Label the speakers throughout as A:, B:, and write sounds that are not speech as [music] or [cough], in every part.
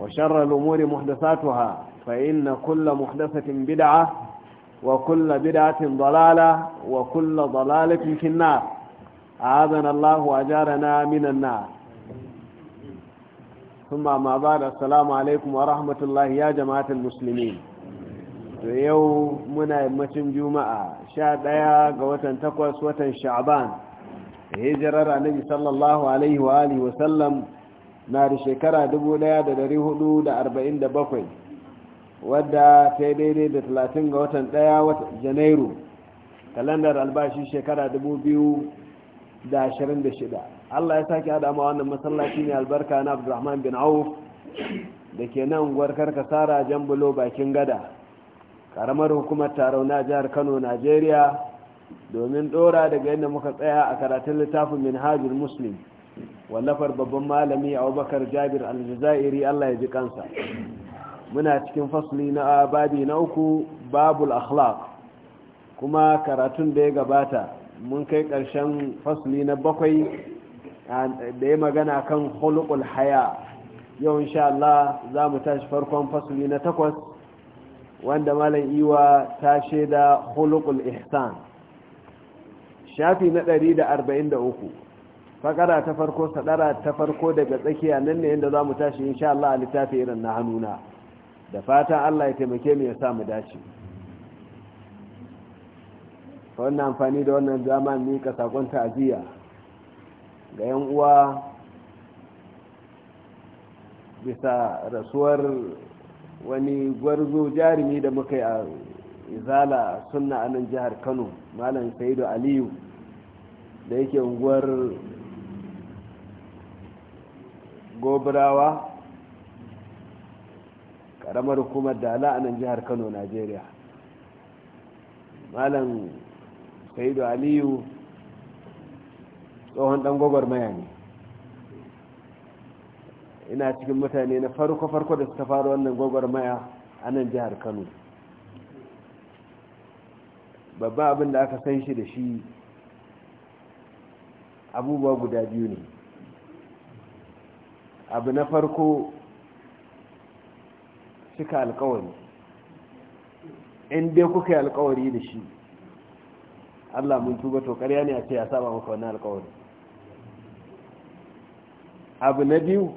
A: وشر الأمور محدثاتها فإن كل محدثة بدعة وكل بدعة ضلالة وكل ضلالة في النار أعاذنا الله وأجارنا من النار ثم ما بعد السلام عليكم ورحمة الله يا جماعة المسلمين yau muna yammacin juma'a sha ɗaya ga watan takwas watan sha'aban hijirar annabi sallallahu alaihi wa alihi wasallam na da shekara 1447 wadda ta daidai da 30 ga watan 1 janairu kalandar albashi shekara 2026 allah ya sake adama wannan masallaci ne albarka na abdurrahman bin auf da ke nan gwarkar kasara jan bulo bakin gada karamar hukumar tarauna jihar kano najeriya domin dora daga yadda muka tsaya a karatun littafin hajjul muslim wallafar babban malami a abubakar jabir aljazairi allah ya ji kansa muna cikin fasli na babi na uku babul akhlaq kuma karatun da ya gabata mun kai karshen fasli na bakwai da ya magana kan hulukul haya yau insha Allah za mu tashi farkon fasli na takwas wanda malam iwa ta shaida hulukul ihsan shafi na 143 fakara ta farko sadara ta farko daga tsakiya nan ne inda za mu tashi insha Allah a littafi irin na hannuna da fatan Allah ya taimake mu ya sa mu dace wannan amfani da wannan dama ne ka sakon ta'aziyya ga yan uwa bisa rasuwar wani gwarzo jarumi da muka yi a izala sunna a nan jihar kano malam saidu aliyu da yake unguwar gobirawa karamar hukumar da ala'a nan jihar kano najeriya malam saidu aliyu tsohon dan gwagwarmaya ne ina cikin mutane na farko-farko da suka faru wannan gwagwarmaya a nan jihar kano babba abin da aka san shi da shi abubuwa guda biyu ne abu na farko cika alkawari in kuka yi alkawari da shi Allah mun tuba to ƙarya ne a ce ya saba maka wani alkawari abu na biyu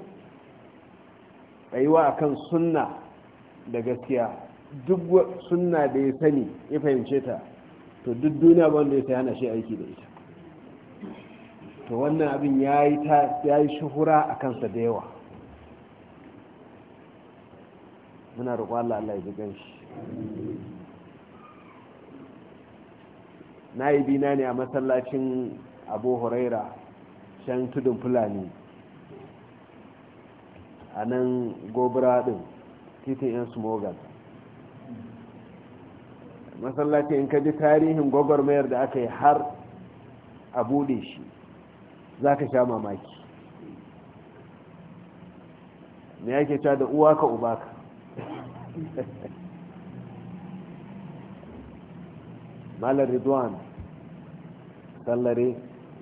A: a akan sunna da gaskiya duk suna da ya sani ya fahimce ta to duk duniya wanda ya sai hana shi aiki da ita to wannan abin ya yi shuhura a kansa da yawa muna da Allah Allah ya ji shi. na yi bina ne a masallacin abu huraira shan tudun fulani a nan gobira ɗin titin 'yan smogan Masallaci in ka ji tarihin gwagwarmayar da aka yi har a buɗe shi za ka sha mamaki me yake ta da uwa ka uba ka [laughs] malar ridwan sallare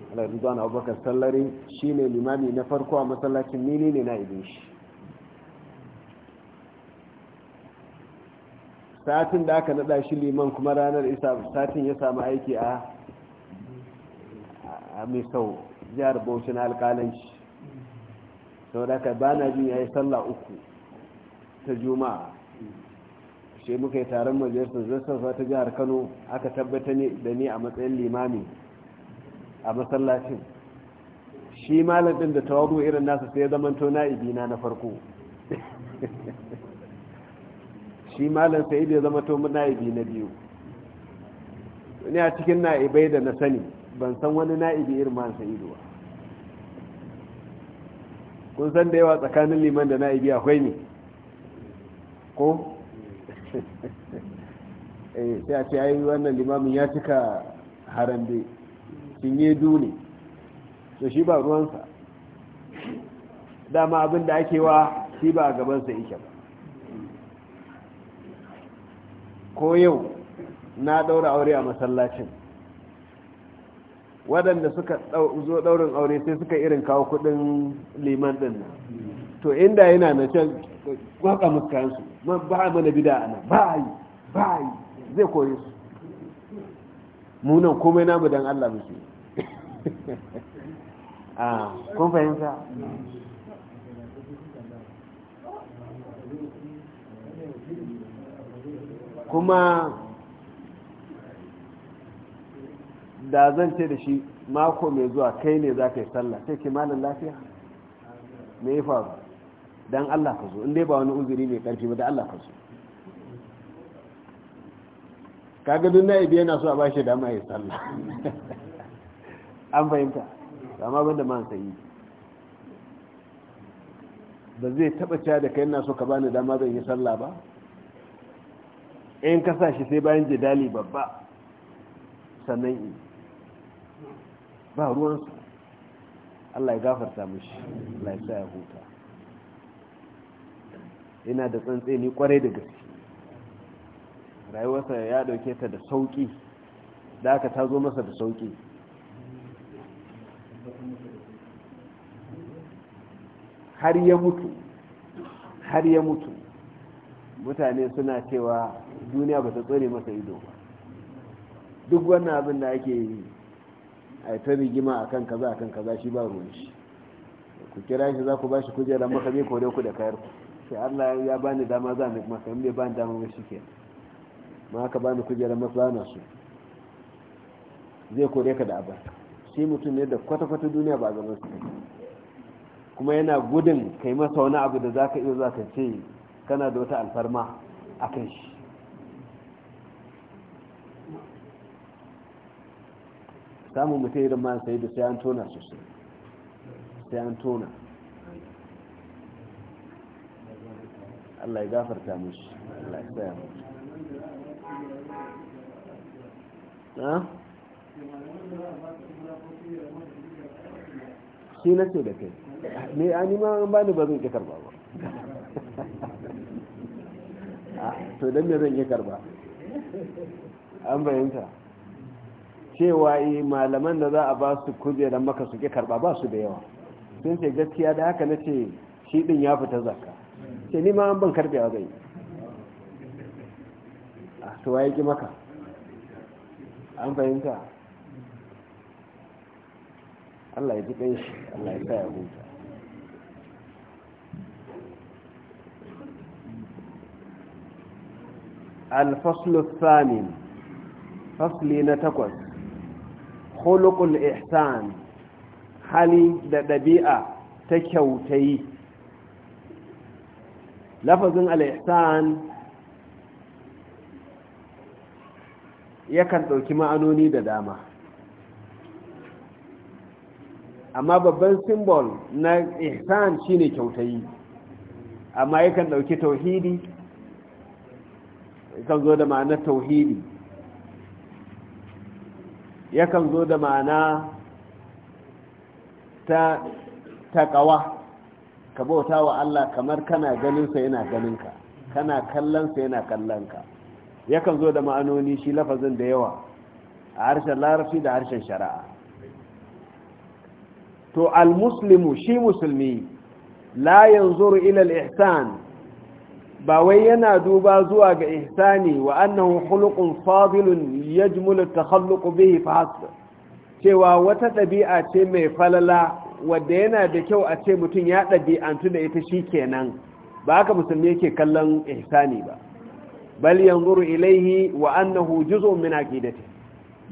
A: malar ridwan abubakar sallare shi ne limami na farko a masallacin mini ne na idin shi satin da aka nada shi liman kuma ranar isa satin ya samu aiki a mai sau jihar bauchi na alkalanci sau da ka ba na jin ya yi sallah uku ta juma'a shi muka yi taron majalisar zassafa ta jihar kano aka tabbata da ni a matsayin limami a masallacin shi malabin da tawaru irin nasa sai ya na ibina na farko [laughs] shi malam sai ya zama to na'ibi na biyu ne a cikin na'ibai da na sani ban san wani na'ibi irin man ido ba kun san da yawa tsakanin liman da na'ibi akwai ne ko [laughs] eh sai a ce ai wannan limamin ya cika harambe cinye ne. to shi ba ruwansa dama abin da ake wa shi ba a gabansa yake ba ko yau na daura aure a masallacin waɗanda suka zo ɗaurin aure sai suka irin kawo kuɗin liman ɗin nan to inda yana na can waka muskansu ba a mana bida ana ba a yi ba a yi zai koyi su munan komai namu don allah musu [laughs] a ah, kun fahimta kuma da zan ce da shi mako mai zuwa kai ne za ka yi sallah sai ke malin lafiya me yi faru don allah ka zo inda ba wani uzuri mai karfi ba da allah ka zo kaga na ibi yana so a bashi da ma yi sallah [laughs] an fahimta amma banda ma sayi ba zai taba cewa da kai yana so ka bani dama zan yi sallah ba in kasashe shi sai bayan jidali babba sannan yi ba ruwansu Allah ya gafarta mushi Allah ya sa huta Ina da ni kwarai da gaske rayuwarsa ya dauke ta da sauki da aka ta zo masa da sauki har ya mutu har ya mutu mutane suna cewa duniya ba ta tsore masa ido ba duk wannan abin da ake yi a ta rigima kan kaza a kan kaza shi ba ruwan shi ku kira shi za ku ba shi kujerar maka zai kore ku da kayar ku sai Allah ya bani dama za ni masa bai bani dama ba shi ke ma aka bani kujerar masu bana su zai kore ka da abar shi mutum ne da kwata-kwata duniya ba zama su kuma yana gudun kai masa wani abu da za ka iya za ka ce kana da wata alfarma a kan shi samun mutum irin ma sai da sai an tona sosai sai an tona Allah ya gafarta musu Allah ya tsaya mushi shi na ce da kai ne a nima an bani ba zan ƙi karba ba [laughs] to don me zan ƙi karba an bayanta cewa yi malaman da za a ba su kujerar maka suke karba ba su da yawa sun ce gaskiya da haka na ce shi din ya fita zaka, ce ni ma an ban karbe a zai
B: a ah, tuwa yake ki
A: maka an fahimta Allah ya ji shi Allah ya sa ya huta الفصل الثامن فصل نتكوز khuluqul ihsan hali da ɗabi'a ta kyautayi lafazin al-ihsan yakan ɗauki ma'anoni da dama amma babban simbol na ihsan shine kyautayi amma yakan ɗauki tauhidi kan zo da ma'anar tauhidi yakan zo da ma'ana ta taƙawa ka bauta wa Allah kamar kana ganinsa yana ganinka kana kallonsa yana kallonka yakan zo da ma'anoni shi lafazin da yawa a harshen larabci da harshen shari'a to al-muslimu shi musulmi la yanzuru ila al-ihsan ba wai yana duba zuwa ga ihsani wa annahu khuluqun fadilun yajmulu takhalluqu bihi fa cewa wata ɗabi'a ce mai falala wanda yana da kyau a ce mutum ya ɗabi'antu da ita shi kenan ba haka musulmi yake kallon ihsani ba bal yanzuru ilaihi wa annahu juz'un min aqidati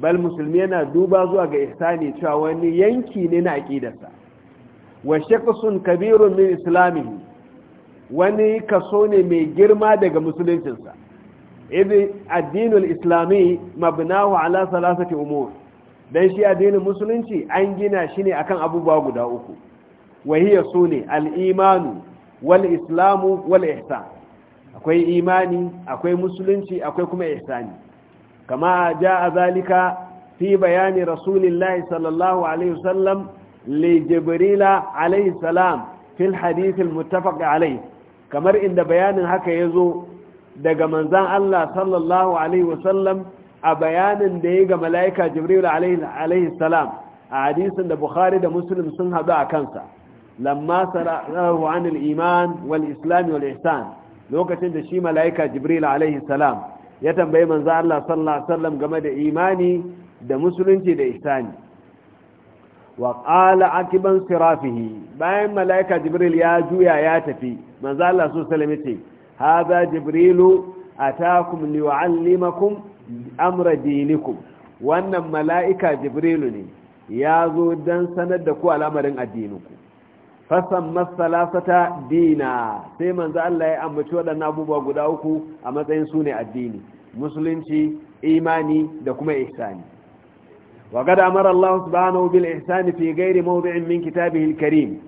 A: bal musulmi yana duba zuwa ga ihsani cewa wani yanki ne na aqidarsa wa shaqsun kabirun min islamihi wani kaso ne mai girma daga musuluncinsa idan addinul islami mabnahu ala salasati umur dan shi addinin musulunci an gina shi ne akan abubuwa guda uku wahiya sune al-imanu wal islamu wal ihsan akwai imani akwai musulunci akwai kuma ihsani kama ja zalika fi bayani rasulillahi sallallahu alaihi wasallam li jibril alaihi salam في الحديث المتفق عليه kamar inda bayanin haka ya zo daga manzan Allah sallallahu Alaihi wasallam a bayanin da ya ga mala'ika jibril alaihi salam a hadisin da bukhari da musulun sun haɗu a kansa lamma sara'ahu anil iman wal islami wal ihsan lokacin da shi mala'ika jibril alaihi salam ya tambayi manzan Allah sallallahu Alaihi wasallam game da imani da musulunci da ihsani wa ƙala akiban sirafihi bayan mala'ika jibril ya juya ya tafi manzo Allah su salame ce haza jibrilu atakum liwa'allimakum amra dinikum wannan mala'ika jibrilu ne ya zo don sanar da ku al'amarin addininku fasan masalasata dina sai manzo Allah ya ambaci waɗannan abubuwa guda uku a matsayin su ne addini musulunci imani da kuma ihsani وقد أمر الله سبحانه بالإحسان في غير موضع من كتابه الكريم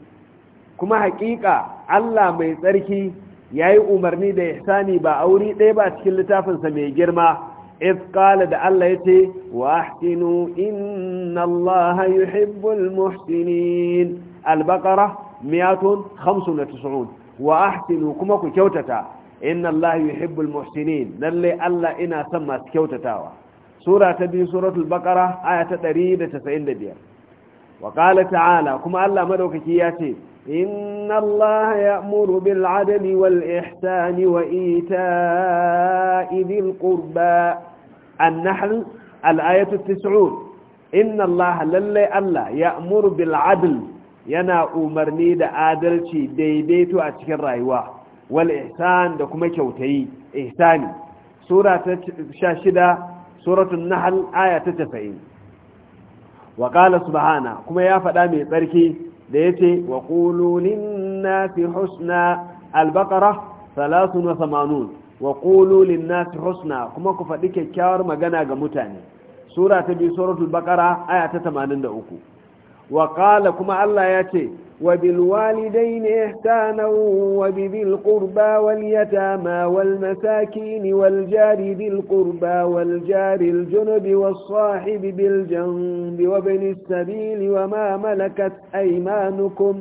A: كما حقيقة الله ما يتركي ياي أمرني دا إحساني با أوري ديبا تكل تافن سمي جرما إذ قال دا الله يتي وأحسنوا إن الله يحب المحسنين البقرة مئات خمس وتسعون وأحسنوا كما كوتتا إن الله يحب المحسنين للي الله إنا سمى كوتتاوا sura ta biyu suratul baqara aya ta 195 wa qala ta'ala kuma Allah madaukaki ya ce inna Allah ya'muru bil adli wal ihsani wa ita'i bil qurba an-nahl al ayatu 90 inna Allah lalla Allah ya'muru bil adl yana umarni da adalci daidaito a cikin rayuwa wal ihsan da kuma kyautayi ihsani sura ta suratun nahal aya ta casa'in wa ƙala subhana kuma ya faɗa mai tsarki da ya ce wa na nasi husna albakara salasun wa samanun wa na fi husna kuma ku faɗi kyakkyawar magana ga mutane sura ta biyu suratul bakara aya ta tamanin da uku وقال كما الله ياتي وبالوالدين إحسانا وبذي القربى واليتامى والمساكين والجار ذي القربى والجار الجنب والصاحب بالجنب وابن السبيل وما ملكت أيمانكم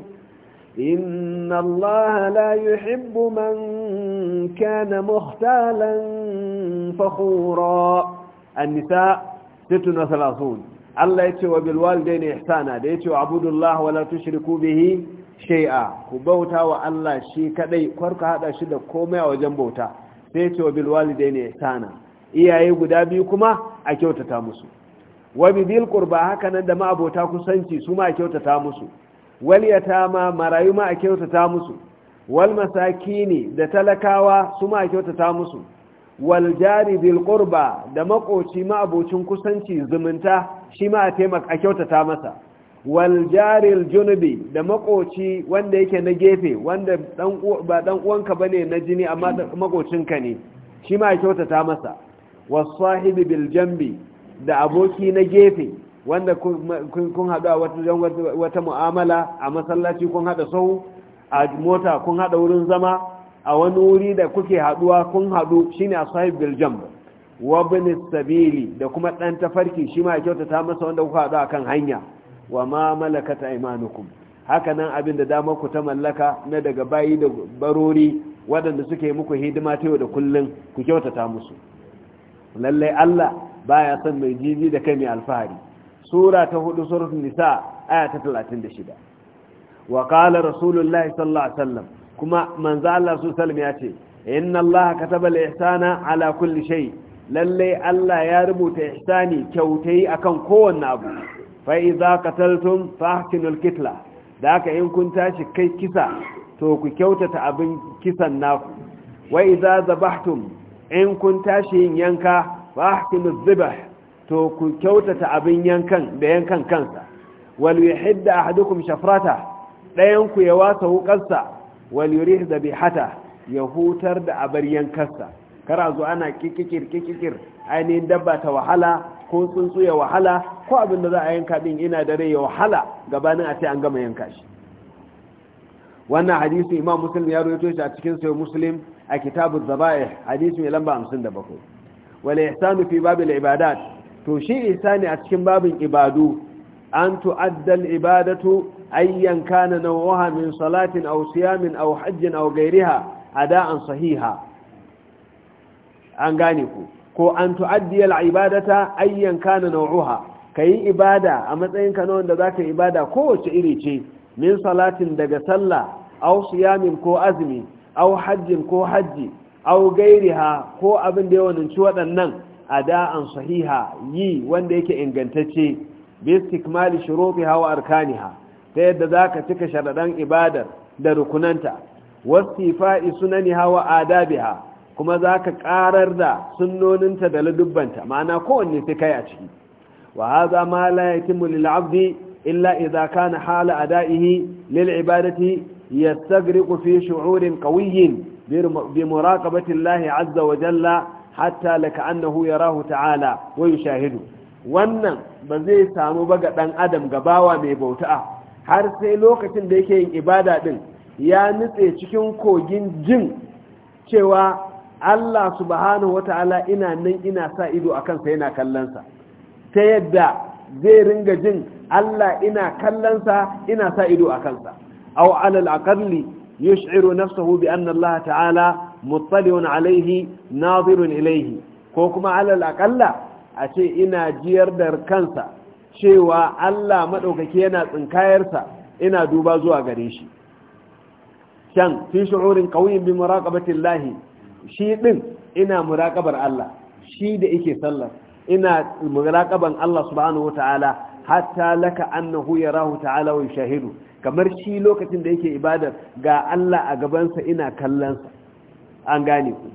A: إن الله لا يحب من كان مختالا فخورا النساء ست وثلاثون Allah ya ce wa bil ne ihsana da ya ce wa wa wala shirku bihi shai'a. ku bauta wa Allah shi kadai kwarka hada shi da komai a wajen bauta sai ya ce wa bil ne ihsana iyaye guda biyu kuma a kyautata musu wa bidil qurba haka nan da ma abota kusanci su ma a kyautata musu wal yatama marayu ma a kyautata musu wal masakini da talakawa su ma a kyautata musu wal jari bil qurba da makoci ma abocin kusanci zumunta shi ma a taimaka a kyautata masa waljaril junubi da makoci wanda yake na gefe wanda ba dan uwanka bane na jini amma makocinka ne shi ma a kyautata masa wasahibi bil jambi da aboki na gefe wanda kun haɗu a wata mu'amala a masallaci kun haɗa sau a mota kun haɗa wurin zama a wani wuri da kuke haɗuwa kun haɗu shine a sahib wa sabili da kuma ɗan tafarki shi ma kyautata masa wanda kuka haɗu akan hanya wa ma malakata imanukum haka nan abin da damar ku ta mallaka na daga bayi da barori waɗanda suke muku hidima ta yau da kullum ku kyautata musu lallai Allah baya san mai jiji da kai mai alfahari sura ta hudu suratul nisa aya ta 36 wa qala rasulullahi sallallahu alaihi wasallam kuma manzo Allah su sallam ya ce inna Allah kataba al-ihsana ala kulli shay'in lallai Allah ya rubuta ihsani kyautai akan kowanne abu fa idza qataltum fahsinul kitla da haka in kun tashi kai kisa to ku kyautata abin kisan naku wa idza zabahtum in kun tashi yin yanka fahsinuz zibah to ku kyautata abin yankan da yankan kansa wal yuhidda ahadukum shafrata dayan ku ya wasa wukarsa wal yurih zabihata ya hutar da abar yankarsa kara zo ana kikikir kikikir ainihin dabba ta wahala ko tsuntsu ya wahala ko abin da za a yanka din ina da rai ya wahala gabanin a ce an gama yanka shi wannan hadisi imam muslim ya rawaito shi a cikin sahih muslim a kitabu zabaih hadisi mai lamba 57 wal ihsanu fi babil ibadat to shi ihsani a cikin babin ibadu an tu'adda al ibadatu ayyan kana nawaha min salatin aw siyamin aw hajjin aw ghayriha ada'an sahiha an gane ku ko an tu'addiya al'ibadata ayyan kana nau'uha kayi ibada a matsayin ka na wanda zaka ibada kowace iri ce min salatin daga sallah aw siyamin ko azumi aw hajjin ko hajji aw gairiha ko abin da ya wananci waɗannan ada'an sahiha yi wanda yake ingantacce bi istikmali shurutiha wa arkaniha ta yadda zaka cika sharadan ibadar da rukunanta wasifa'i sunaniha wa adabiha kuma za ka ƙarar da sunnoninta da ladubbanta ma'ana kowanne fi kai a ciki wa haza ma la yatimmu lil abdi illa idza kana hala ada'ihi lil ibadati yastagriqu fi shu'urin qawiyyin bi muraqabati Allah azza wa jalla hatta annahu yarahu ta'ala wa yushahidu wannan ba zai samu ba ga dan adam gabawa mai bauta har sai lokacin da yake yin ibada din ya nutse cikin kogin jin cewa Allah subhanahu ta'ala ina nan ina sa ido a kansa yana kallonsa ta yadda zai ringa jin Allah ina kallonsa ina sa ido a kansa au alal aqalli yush'iru nafsahu bi anna Allah ta'ala muttali'un alayhi nazirun ilaihi ko kuma alal aqalla a ce ina jiyar da kansa cewa Allah maɗaukaki yana tsinkayarsa ina duba zuwa gare shi can fi shu'urin qawiyin bi muraqabati Allah shi ɗin ina muraqabar Allah shi da yake sallar ina muraqaban Allah subhanahu wataala hatta laka annahu yarahu ta'ala wa yashahidu kamar shi lokacin da yake ibadar ga Allah a gabansa ina kallonsa an gane ku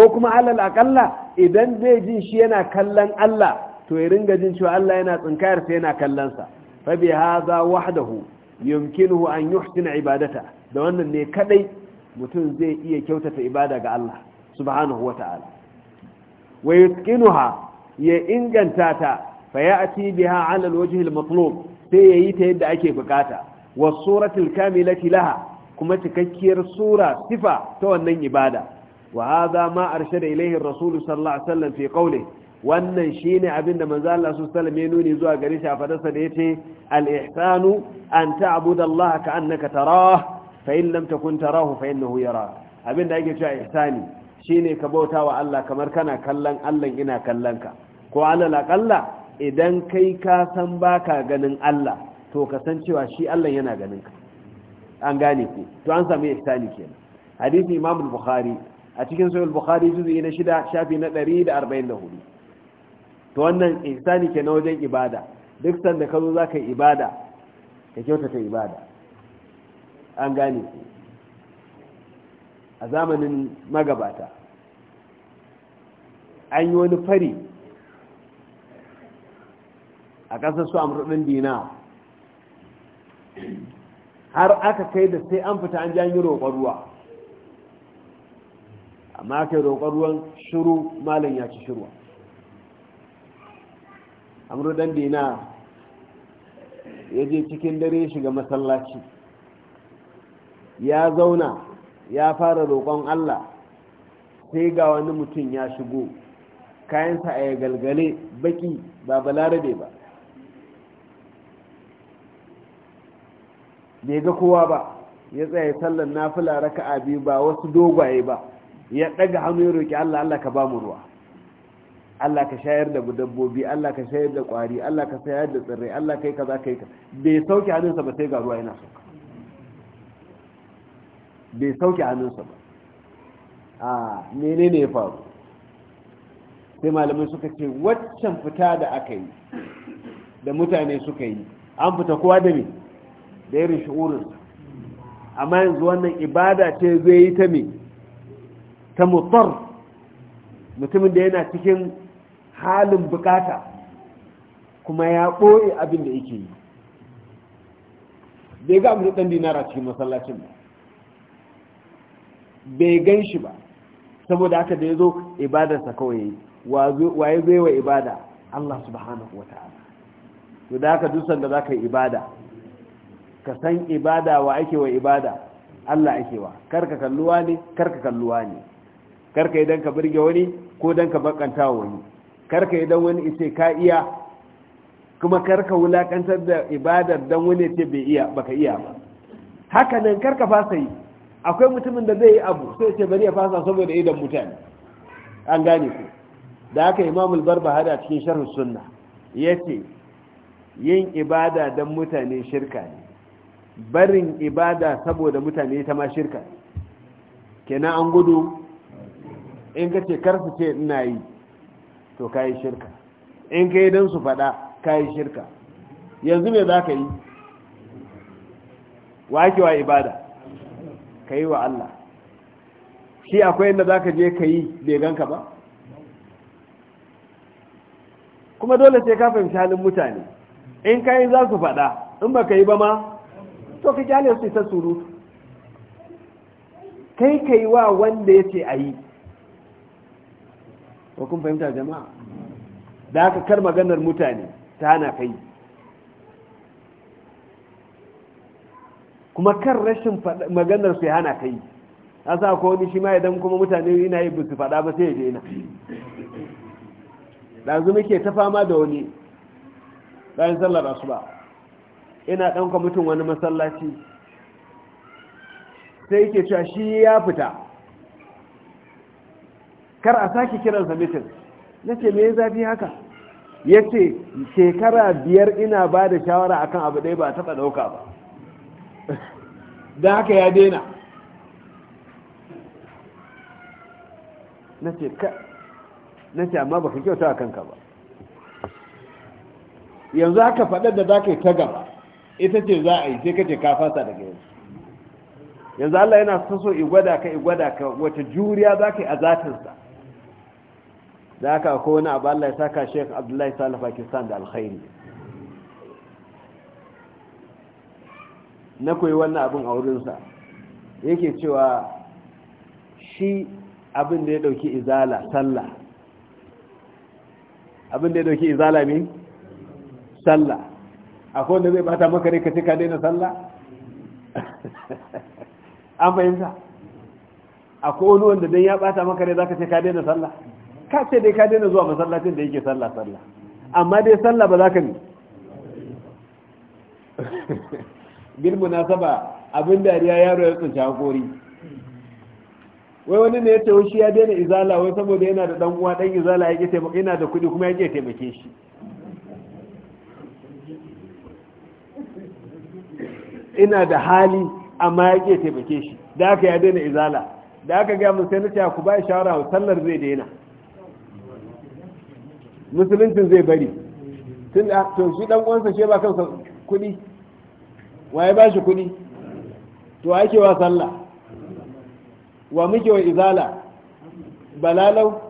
A: ko kuma alal akalla idan zai jin shi yana kallon Allah to ya ringa jin cewa Allah yana tsinkayar sa yana kallonsa fa bi hadha wahdahu yumkinuhu an yuhsina ibadata da wannan ne kadai mutum zai iya kyautata ibada ga Allah subhanahu wa ta'ala wa ya inganta ta fa ya biha 'ala al-wajh al-matlub sai yayi ta yadda ake bukata wa suratul kamilati laha kuma cikakkiyar sura sifa ta wannan ibada wa hadha ma arshada da ar-rasul sallallahu alaihi wasallam fi qawlihi wannan shine abin da manzo Allah sallallahu alaihi wasallam ya nuni zuwa gare shi a fadarsa da yace al-ihsanu an ta'budallaha ka'annaka tarah fa in lam takun tarahu fa innahu yara da ake cewa ihsani shine ka bauta wa Allah kamar kana kallon Allah ina kallon ka ko alal kalla? idan kai ka san baka ganin Allah to ka san cewa shi Allah yana ganin ka an gane ku to an sami ihsani kenan hadisi Imam al-Bukhari a cikin sahih al-Bukhari juzu na 6 shafi na 144 to wannan ihsani kenan wajen ibada duk sanda ka zo zaka ibada ka kyautata ibada an gane a zamanin magabata an yi wani fari a ƙasar su amurɗin dina har aka kai da sai an fita an janyi roƙon ruwa amma aka yi roƙon ruwan shiru malam ya ci shirwa amurɗin dina ya je cikin dare shiga masallaci ya zauna ya fara roƙon Allah sai ga wani mutum ya shigo kayansa a ya galgale baki ba balarabe ba bai ga kowa ba ya tsaye sallan nafila raka abi ba wasu dogwaye ba ya ɗaga hannu ya roƙi Allah Allah ka ba mu ruwa Allah ka shayar da dabbobi Allah ka shayar da ƙwari Allah ka shayar da tsirrai Allah kai kaza kai ka bai sauke hannunsa ba sai ga ruwa yana sauka bai sauke hannunsa ba a menene ya faru sai malamai suka ce waccan fita da aka yi da mutane suka yi an fita kowa da me da irin shi'urinsa amma yanzu wannan ibada ce zai yi ta ta mutar mutumin da yana cikin halin bukata kuma ya ɓoye abin da yake yi bai ga ɗan dinara cikin masallacin ba bai gan shi ba saboda haka da ya zo ibadarsa kawai ya yi waye zai wa ibada Allah subhanahu wa ta'ala to da haka dusan da za ka yi ibada ka san ibada wa ake wa ibada Allah ake wa karka kalluwa ne karka kalluwa ne karka idan ka birge wani ko dan ka bakanta wani karka idan wani ice ka iya kuma karka wulakantar da ibadar dan wani ce bai iya baka iya ba haka nan karka fasa yi akwai mutumin da zai yi abu sai ce bari ya fasa saboda idan mutane an gane ku da aka imamul barbahari a cikin sharh sunna ce yin ibada don mutane shirka ne barin ibada saboda mutane ta ma shirka ne kenan an gudu in ka ce kar su ce ina yi to ka yi shirka in ka yi don su faɗa ka yi shirka yanzu me za ka yi wa ake wa ibada ka yi wa Allah shi akwai yadda za ka je ka yi ganka ba kuma dole sai ka fahimci halin mutane in ka yi za su faɗa in ba ka yi ba ma to ka kyale su ta surutu kai ka yi wa wanda ya ce a yi kun fahimta jama'a da aka kar maganar mutane ta hana ka yi kuma kan rashin maganar su hana kai a sa ko wani shi ma idan kuma mutane yana yi bisu faɗa ba sai ya daina ɗanzu muke ta fama da wani bayan sallar ba ina ɗan mutum wani masallaci sai yake cewa shi ya fita kar a sake kiransa mitin na ce me zafi haka ya ce shekara biyar ina ba da shawara akan abu ɗaya ba a taɓa ɗauka ba da haka ya daina na ce ka na ce amma kyauta a kanka ba yanzu haka faɗar da za ka yi ta gaba ita ce za a yi sai ka ce ka fasa daga yanzu yanzu Allah yana so igwada ka igwada ka wata juriya za ka yi a zatinsa da haka ko wani abu Allah ya saka Sheikh Abdullahi salafa kisan da alkhairi na koyi wannan abin a wurinsa yake cewa shi abin da ya dauki izala sallah abin da ya dauki izala ne sallah akwai wanda zai bata maka ne ka ce ka daina sallah [laughs] an fahimta akwai wani wanda don ya bata maka ne za ka ce ka daina sallah ka ce dai ka daina zuwa masallacin da yake sallah sallah amma dai sallah ba za ka ne [laughs] bil munasaba abin dariya yaro ya tsinci hakori wai wani ne ya ce shi ya daina izala wai saboda yana da dan uwa dan izala yake taimaka yana da kuɗi kuma yake taimake shi ina da hali amma yake taimake shi da aka ya daina izala da aka ga mun sai na ce ku ba shawara sallar zai daina musuluncin zai bari tun da to shi dan uwansa shi ba kansa kuɗi waye ba shi kuɗi to ake wa sallah wa muke wa izala balalau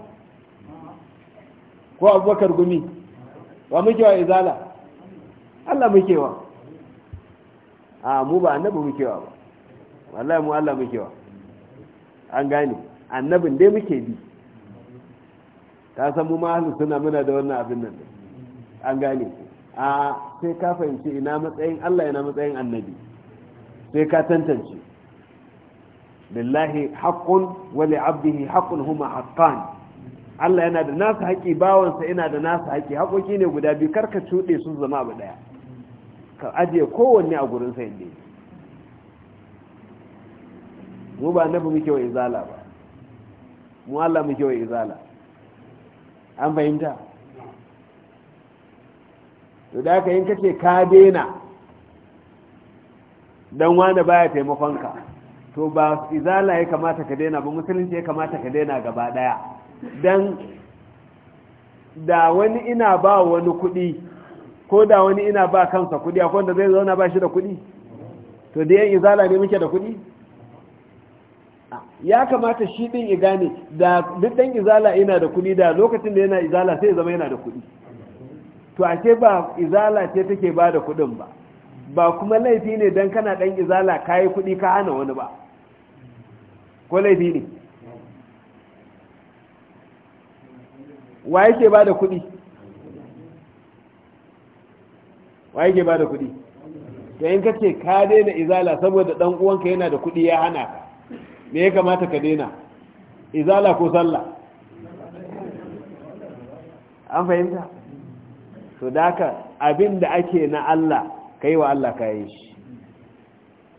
A: ko abubakar gumi wa muke wa izala Allah muke wa a mu ba annabi muke wa ba wallahi mu Allah muke wa an gane annabin dai muke bi ka san mu ma suna muna da wannan abin nan an gane a sai ka fahimci ina matsayin Allah yana matsayin annabi sai ka tantance lillahi haqqun wa li 'abdihi haqqun huma haqqan Allah yana da nasa haƙi bawansa yana da nasa haƙi haƙoƙi ne guda biyu karka cuɗe sun zama abu ɗaya ka ajiye kowanne a gurin sa inda mu ba nabi muke wa izala ba mu Allah muke wa izala an fahimta to da ka yin kace ka dena dan wani baya taimakon ka to ba izala ya kamata ka dena ba musulunci ya kamata ka dena gaba daya dan da wani ina ba wani kuɗi ko da wani ina ba kansa kuɗi akwai wanda zai zauna ba shi da kuɗi to da yan izala ne muke da kuɗi ya kamata shi ɗin gane da duk dan izala ina da kuɗi da lokacin da yana izala sai zama yana da kuɗi to ake ba izala ce take ba da kuɗin ba ba kuma laifi ne don kana ɗan izala ka yi kuɗi ka hana wani ba ko laifi ne wa yake ba da kuɗi wa yake ba da kudi to in ka ce ka daina izala saboda ɗan uwanka yana da kuɗi ya hana ka me ya kamata ka daina izala ko sallah an fahimta to daka abin da ake na Allah kai wa Allah ka yi shi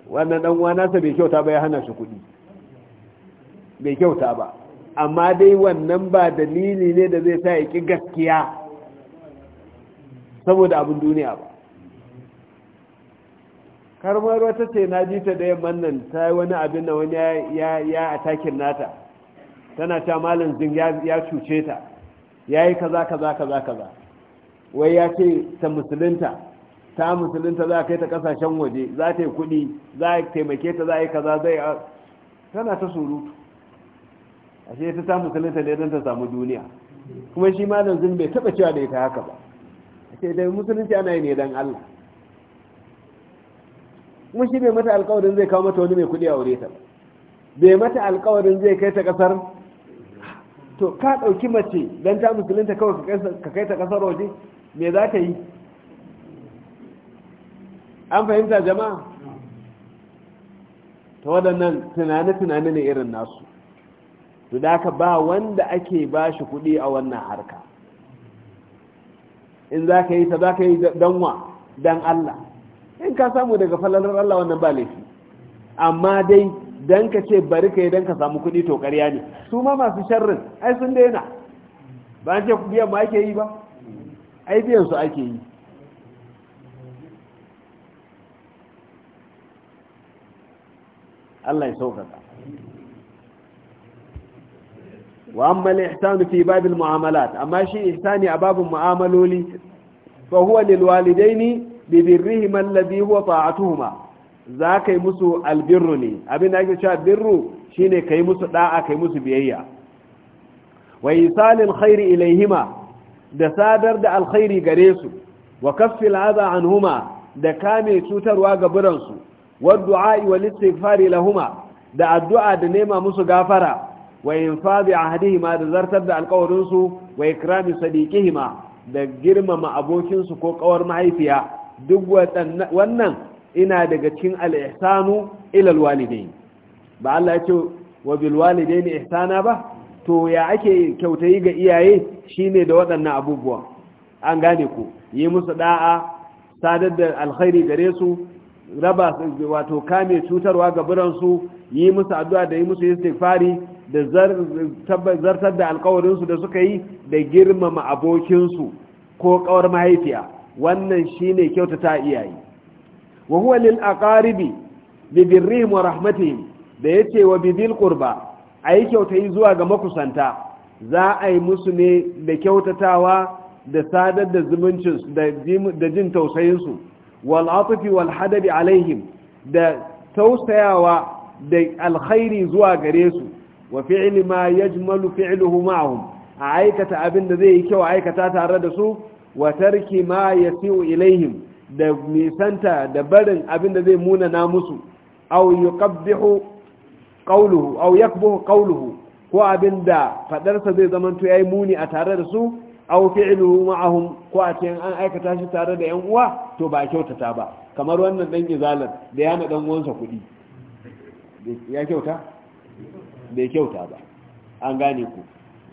A: wannan dan bai kyauta ba ya hana shi kuɗi bai kyauta ba amma dai wannan ba dalili ne da zai sa ya ki gaskiya saboda abin duniya ba karmar wata ce na ji ta da yamman nan ta yi wani abin da wani ya atakin nata tana ta malin zin ya cuce ta ya yi kaza kaza kaza kaza wai ya ce ta musulunta ta musulunta za a kai ta kasashen waje za ta yi kudi za a taimake ta za a yi kaza zai tana ta surutu ashe ta ta musulunta ne don ta samu duniya kuma shi malam zin bai taba cewa da ita haka ba ashe dai musulunci ana yi ne don Allah kuma shi bai mata alƙawarin zai kawo mata wani mai kudi a aure ta bai mata alƙawarin zai kai ta kasar to ka ɗauki mace don ta musulunta kawai ka kai ta kasar waje me za ka yi an fahimta jama'a ta waɗannan tunane-tunane ne irin nasu su da ba wanda ake ba shi kuɗi a wannan harka in za ka yi ta za ka yi danwa don Allah in ka samu daga falalar Allah wannan ba laifi amma dai don ka ce bari ka yi don ka samu kuɗi to ƙarya ne su ma masu sharrin ai sun daina ba an ce kuɗi amma ake yi ba ai biyan su ake yi Allah ya sauƙaƙa wa amma ihsanu fi babil mu'amalat amma shi ihsani a babin mu'amaloli fa huwa lil walidaini bi birrihima alladhi huwa ta'atuhuma za kai musu albirru ne abin da ake cewa birru shine kai musu da'a kai musu biyayya wa isalil khairi ilayhima da sadar da alkhairi gare su wa kaffil adha anhuma da kame cutarwa ga biransu wa du'a wal istighfari lahuma da addu'a da nema musu gafara wa infadi ahdihima da zartar da alƙawarin su wa ikrami sadiqihima da girmama abokin su ko kawar mahaifiya duk wannan ina daga cikin al-ihsanu ila al-walidain ba Allah ya ce wa bil walidaini ihsana ba to ya ake kyautayi ga iyaye shine da waɗannan abubuwa an gane ku yi musu ɗa'a sadar da alkhairi gare su raba wato kame cutarwa ga biransu yi musu addu'a da yi musu istighfari da zartar da alkawarinsu da suka yi da girmama abokinsu ko ƙawar mahaifiya wannan shi shine kyautata iyaye wa huwa lil aqaribi bi birrihim wa rahmatihim da yace wa bibil qurba a yi kyauta yi zuwa ga makusanta za a yi musu ne da kyautatawa da sadar da zumuncin da jin tausayinsu walatufi walhadari alaihim da tausayawa da alkhairi zuwa gare su wa fi'li ma yajmalu fi'luhu ma'ahum a aikata abin da zai yi kyau aikata tare da su wa tarki ma yasiu ilaihim da nisanta da barin abin da zai munana musu aw yuqabbihu qawluhu aw yakbuhu qawluhu ko abinda fadarsa zai zamanto yayi muni a tare da su aw fi'luhu ma'ahum ko a cikin an aikata shi tare da yan uwa to ba kyautata ba kamar wannan dan izalan da yana dan uwansa kuɗi ya kyauta bai kyauta ba an gane ku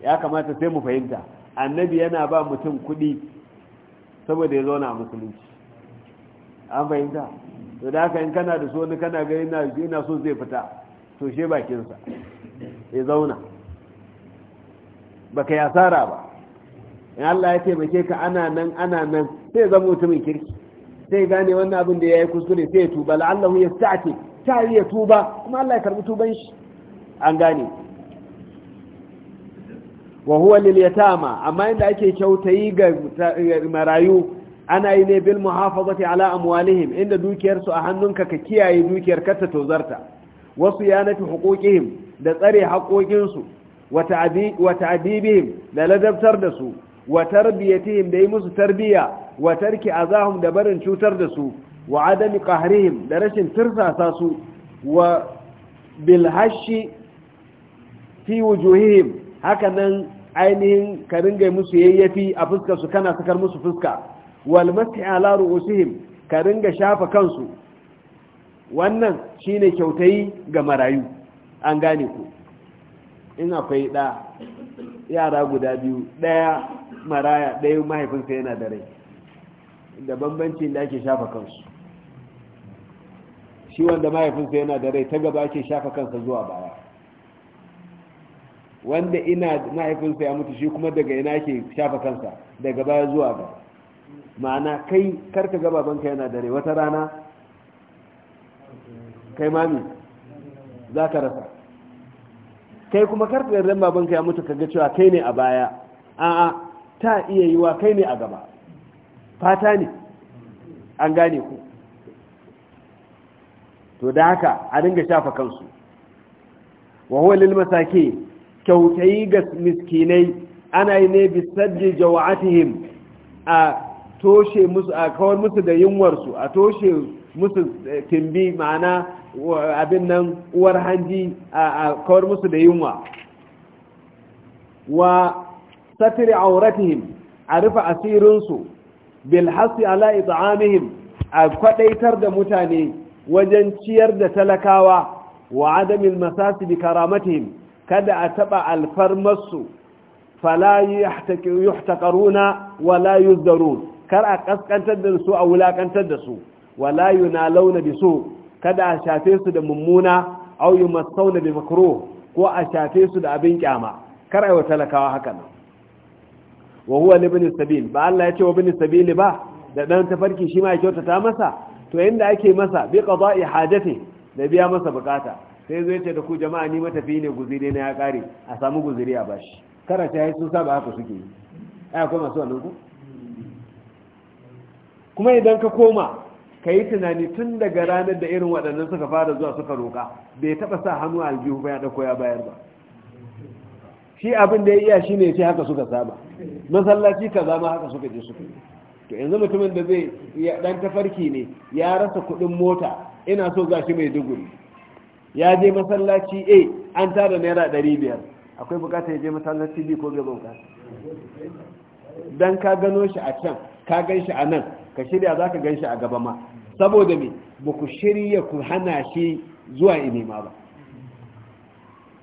A: ya kamata sai mu fahimta annabi yana ba mutum kuɗi saboda ya zauna a musulunci an fahimta to da haka in kana da so ni kana ga ina so zai fita toshe bakinsa ya zauna baka ya tsara ba in Allah ya taimake ka ana nan ana nan sai zama mutumin kirki sai gane wannan abin da ya yi kuskure sai ya tuba la'allahu ya sa'ati ta yi ya tuba kuma Allah ya karbi tuban shi an gane wa huwa lil yatama amma inda ake kyautayi ga marayu ana yi ne bil muhafazati ala amwalihim inda dukiyarsu a hannunka ka kiyaye dukiyar ka ta tozarta wasu yanatu hukukihim da tsare haƙoƙinsu wa ta'adibihim da ladabtar da su wa tarbiyatihim da yi musu tarbiya wa tarki azahum da barin cutar da su wa adami qahrihim da rashin tirsasa su wa bilhashi hashi fi wujuhihim hakanan ainihin ka ringa musu yayyafi a fuskar su kana sakar musu fuska wal mas'i ala ru'usihim ka ringa shafa kansu wannan shine kyautai ga marayu an gane ku in akwai ɗa yara guda biyu ɗaya maraya ɗaya mahaifinsa yana da rai da bambanci da ake shafa kansu shi wanda mahaifinsa yana da rai ta gaba ake shafa kansa zuwa baya wanda ina mahaifinsa ya mutu shi kuma daga ina ake shafa kansa daga baya zuwa ga ma'ana kai karka banka yana da rai wata rana kai mami za ka rasa kai kuma karka yarda babanka ya mutu kaga cewa kai ne a baya a'a ta iya yiwa kai ne a gaba fata ne an gane ku to da haka a dinga shafa kansu wa huwa lil masaki kyautayi ga miskinai ana yi ne bi sadji jawatihim a toshe musu a kawar musu da yunwar su a toshe musu timbi eh, ma'ana abin nan uwar hanji a kawar musu da yunwa wa satiri auratihim a rufe asirinsu bilhassi ala ita'amihim a kwadaitar da mutane wajen ciyar da talakawa wa adamin masasi bi karamatihim kada a taba alfarmarsu fala wa wala zaro. kar a ƙasƙantar da su a wulaƙantar da su wala launa bisu kada a shafe su da mummuna aw yumassawna bi makruh ko a shafe su da abin kyama kar ayi wa talakawa haka nan wa huwa libni sabil ba Allah ya ce wa bini sabil ba da dan tafarki shi ma ya ta masa to inda ake masa bi qada'i hajati da biya masa bukata sai zai ce da ku jama'a ni matafi ne guzire na ya kare a samu guzire a bashi kar ta yi sun saba haka suke ai masu wannan ku kuma idan ka koma ka yi tunani tun daga ranar da irin waɗannan suka fara zuwa suka roƙa bai taɓa sa hannu aljihu ba ya ɗauko ya bayar ba shi abin da ya iya shi ne sai haka suka saba masallaci ka zama haka suka je suka to yanzu mutumin da zai ya ɗan tafarki ne ya rasa kuɗin mota ina so shi mai duguri ya je masallaci a an tara naira ɗari biyar akwai bukatar ya je masallaci b ko bai bukata dan ka gano shi a can ka gan shi a nan ka shirya za ka gan shi a gaba ma saboda me ba ku shirya ku hana shi zuwa inima ba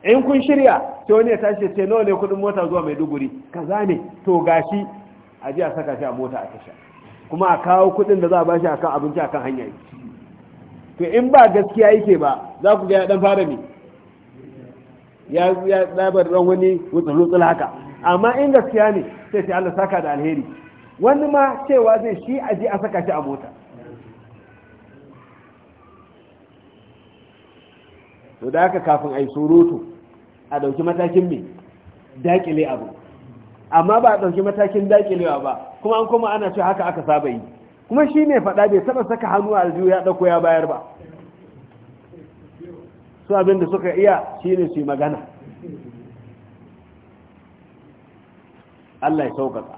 A: in kun shirya to wani ya tashi ce nawa ne kudin mota zuwa maiduguri kaza ne to gashi a ji a saka shi a mota a tasha kuma a kawo kudin da za a bashi akan abinci akan hanya to in ba gaskiya yake ba za ku ga ya dan fara ne ya labar ran wani wutsul haka amma in gaskiya ne sai sai Allah saka da alheri wani ma cewa zai shi aje a saka shi a mota to da haka kafin a yi surutu a ɗauki matakin mai daƙile abu amma ba a ɗauki matakin daƙilewa ba kuma an kuma ana ce haka aka saba yi kuma shi ne faɗa bai taɓa saka hannu a aljihu ya ɗauko ya bayar ba su abin suka iya shi ne su yi magana Allah ya sauƙaƙa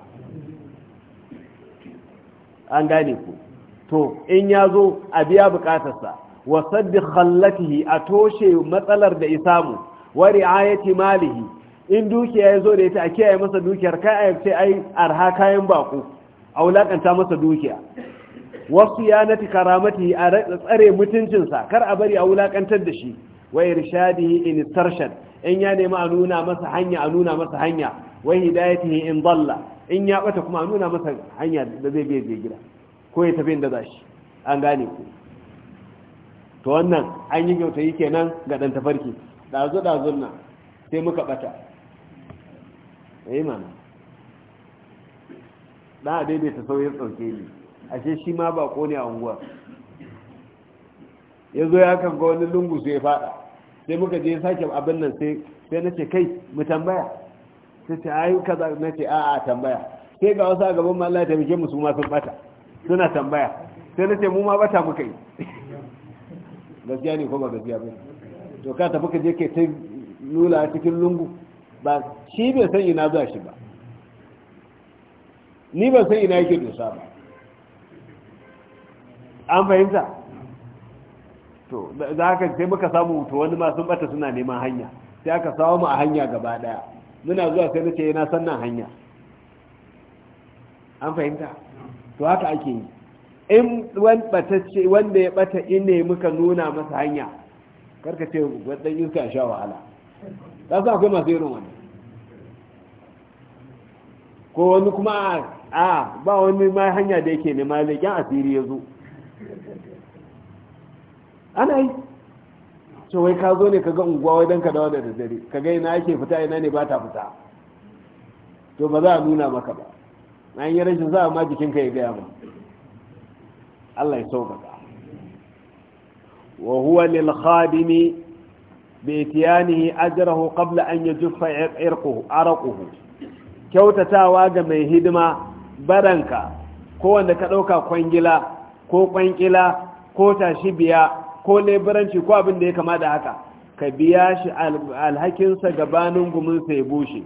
A: an gane ku to in ya zo a biya buƙatarsa Wasaddi khallatihi a toshe matsalar da isamu wa ri'ayati malihi in dukiya ya zo da ita a kiyaye masa dukiyar kai a ai arha kayan baku a wulakanta masa dukiya wasu yanati karamati a tsare mutuncinsa kar a bari a wulakantar da shi wa irshadihi in tarshad in ya nemi a nuna masa hanya a nuna masa hanya wa hidayatihi in dalla in ya bata kuma a nuna masa hanya da zai biye gida ko ya tafi inda zashi an gane ku to wannan an yi yi kenan ga ɗan tafarki ɗazu-ɗazun nan sai muka ɓata. ya yi mana da daidaita sauyin tsauke ne ashe shi ma ba ne a unguwar ya zo ya kan ga wani lungu sai ya faɗa, sai muka je sake abin nan sai na ce kai mu tambaya sai ce ayi kaza na ce a'a tambaya sai ga wasu a gaban ma Allah ya taimake mu su ma sun bata suna tambaya sai na ce mu ma bata muka yi gaskiya ne ko ba gaskiya ba to ka tafi ka je ke ta lula cikin lungu ba shi bai san ina za shi ba ni ban san ina yake dosa ba an fahimta to za haka sai muka samu to wani ma sun bata suna neman hanya sai aka samu mu a hanya gaba daya muna zuwa sai nace ina sannan hanya an fahimta to haka ake yi in batacce wanda ya bata ne muka nuna masa hanya karka ce wadda iska sha wahala ta sa akwai masu irin wani ko wani kuma a ba wani ma hanya da yake nema leƙen asiri ya zo ana yi so wai ka zo ne ka ga unguwa don ka dawo da daddare ka ga ina ake fita ina ne ba ta fita to ba za a nuna maka ba na yi rashin za a ma jikinka ya gaya ba Allah ya sauƙaƙa wa huwa lil khadimi bi tiyanihi ajrahu qabla an yajuffa irquhu arquhu kyautatawa ga mai hidima baranka ko wanda ka ɗauka kwangila ko kwanƙila ko tashi biya ko leburanci ko abin da ya kama da haka ka biya shi alhakinsa gabanin guminsa ya bushe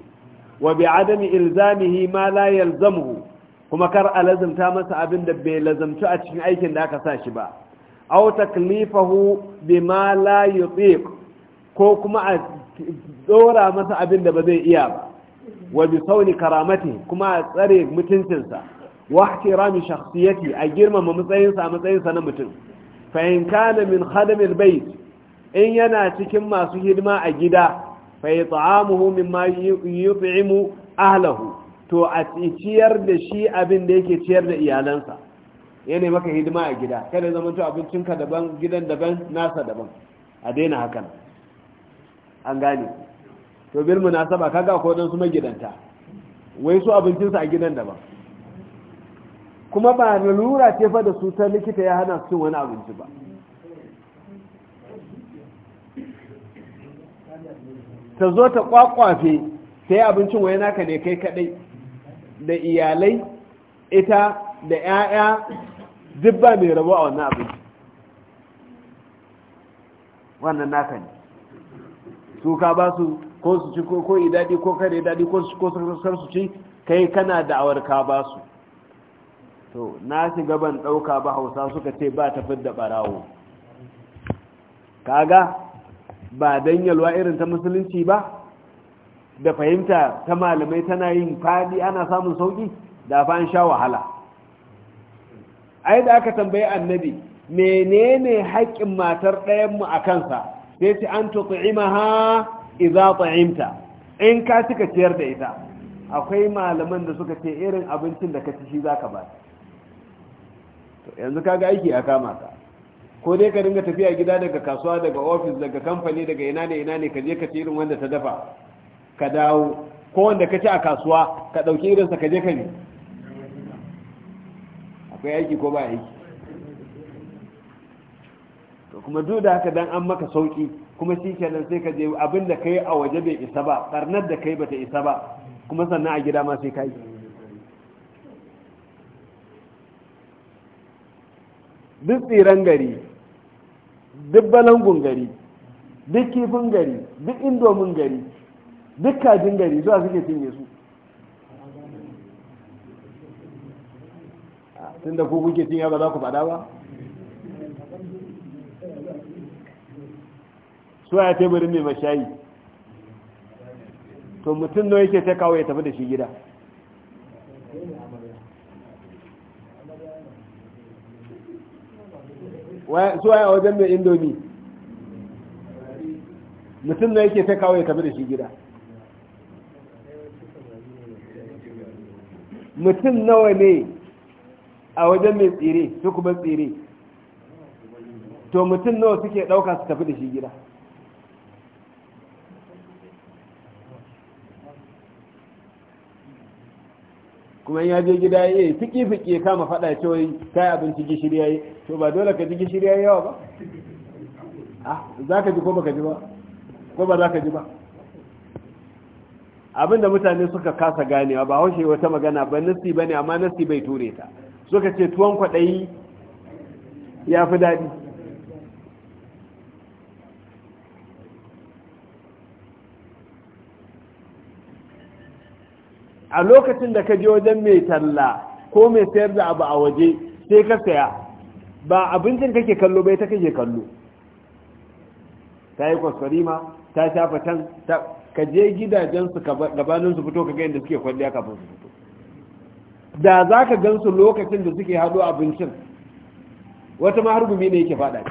A: wa bi adami ilzamihi ma la yalzamuhu kuma kar a lazimta masa abin da bai lazimci a cikin aikin da aka sa shi ba aw taklifahu bima la yutiq ko kuma a dora masa abin da ba zai iya ba wa bi sauni karamati kuma a tsare mutuncinsa wa ihtirami shakhsiyati a girmama matsayinsa a matsayinsa na mutum fa in kana min khadamil bait in yana cikin masu hidima a gida fa yat'amuhu mimma yut'imu ahlahu to a ciyar da shi abin da yake ciyar da iyalansa ya maka hidima a gida kada zama to abincinka daban gidan daban nasa daban a daina hakan an gane to bil munasaba kaga ko dan su magidanta wai su abincinsa a gidan daban kuma ba lura ce fa da su ta likita ya hana su wani abinci ba ta zo ta kwakwafe sai abincin wai naka ne kai kadai da iyalai ita da 'ya'ya duk ba mai rabo a wannan abinci wannan naka ne su ka ba su ko su ci ko yi daɗi ko kare daɗi ko su kar su ci kai kana da'awar ka ba su to na shiga ban ɗauka ba hausa suka ce ba ta fidda ɓarawo kaga ba danyalwa irin ta musulunci ba da fahimta ta malamai tana yin fadi ana samun sauki da fa an sha wahala ai da aka tambayi annabi menene haƙƙin matar ɗayan mu a kansa sai ce an tuqimaha idza ta'imta in ka cika ciyar da ita akwai malaman da suka ce irin abincin da ka ci shi zaka ba to yanzu kaga aiki a kama ka ko dai ka dinga tafiya gida daga kasuwa daga ofis daga kamfani daga ina ne ina ne ka je ka ci irin wanda ta dafa ka dawo ko wanda ka ci a kasuwa ka ɗauki irinsa ka je ka ne akwai aiki ko ba aiki to kuma duk da haka dan an maka sauki kuma shi kenan sai ka je abin da kai a waje bai isa ba ɓarnar da kai bata isa ba kuma sannan a gida ma sai ka yi duk tsiran gari duk balangun gari duk kifin gari duk indomin gari duk kajin gari zuwa suke cinye su tun da kuke cinye ba za ku faɗa ba su a teburin mai mashayi to mutum nawa yake ta kawo ya tafi da shi gida su a wajen mai indomi mutum nawa yake ta kawo ya tafi da shi gida mutum nawa ne a wajen mai tsere su kuma tsire to mutum nawa suke ɗauka su tafi da shi gida kuma ya je gida eh, ya yi fiki fiki kama faɗa cewa kai abinci gishiri ya yi to ba dole ka ji gishiri ya yi yawa ba ah, za ka ji ko ba ka ji ba ko ba za ka ji ba Abin da mutane suka kasa ganewa ba haushe wata magana ba nasi ba ne amma nasi bai ture ta suka ce tuwon kwaɗayi ya fi daɗi a lokacin da ka je wajen mai talla ko mai sayar da abu a waje sai ka saya ba abincin kake kallo bai ta kake kallo ta yi ma ta shafa can ta ka je gidajensu gabanin su fito ka ga inda suke kwalliya kafin su fito da za ka gansu lokacin da suke a abincin wata ma har gumi ne yake faɗa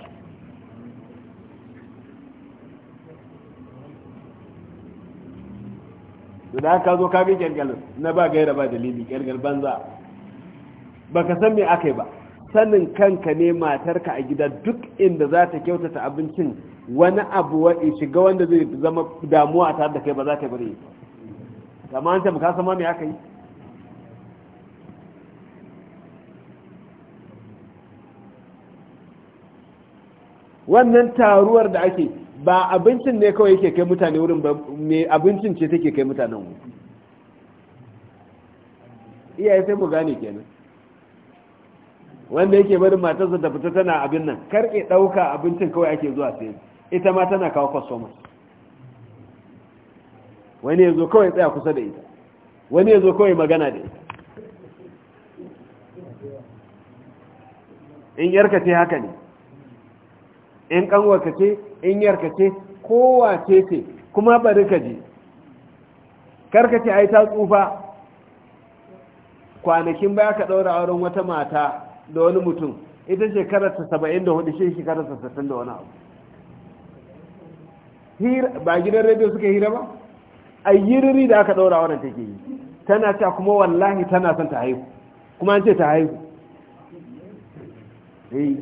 A: ce da ka zo kafin kyalkyalin na ba gaira ba dalili kyalkyal banza ba ka san me aka yi ba sanin kanka ne matarka a gida duk inda za ta kyautata abincin wani abu wa shiga wanda zai zama damuwa ta tare da kai ba za ka bari amma an tabbata muka sama me aka yi wannan taruwar da ake ba abincin ne kawai yake kai mutane wurin ba me abincin ce take kai mutanen wurin iyaye sai mu gane kenan wanda yake barin matarsa ta fita tana abin nan kar ɗauka abincin kawai ake zuwa sai ita ma tana kawo customers wani ya zo kawai tsaya kusa da ita wani ya zo kawai magana da ita in yarka ce haka ne in kanwarka ce in yarka ce kowa ce ce kuma bari ka je karka ce ai ta tsufa kwanakin baya ka ɗaura auren wata mata da wani mutum ita shekararsa 74 shi shekararsa 60 da wani abu ba gidan rediyo suka hira ba a yiriri da aka ɗaura wannan take yi tana ta kuma wallahi tana son ta haihu kuma an ce ta haihu eh.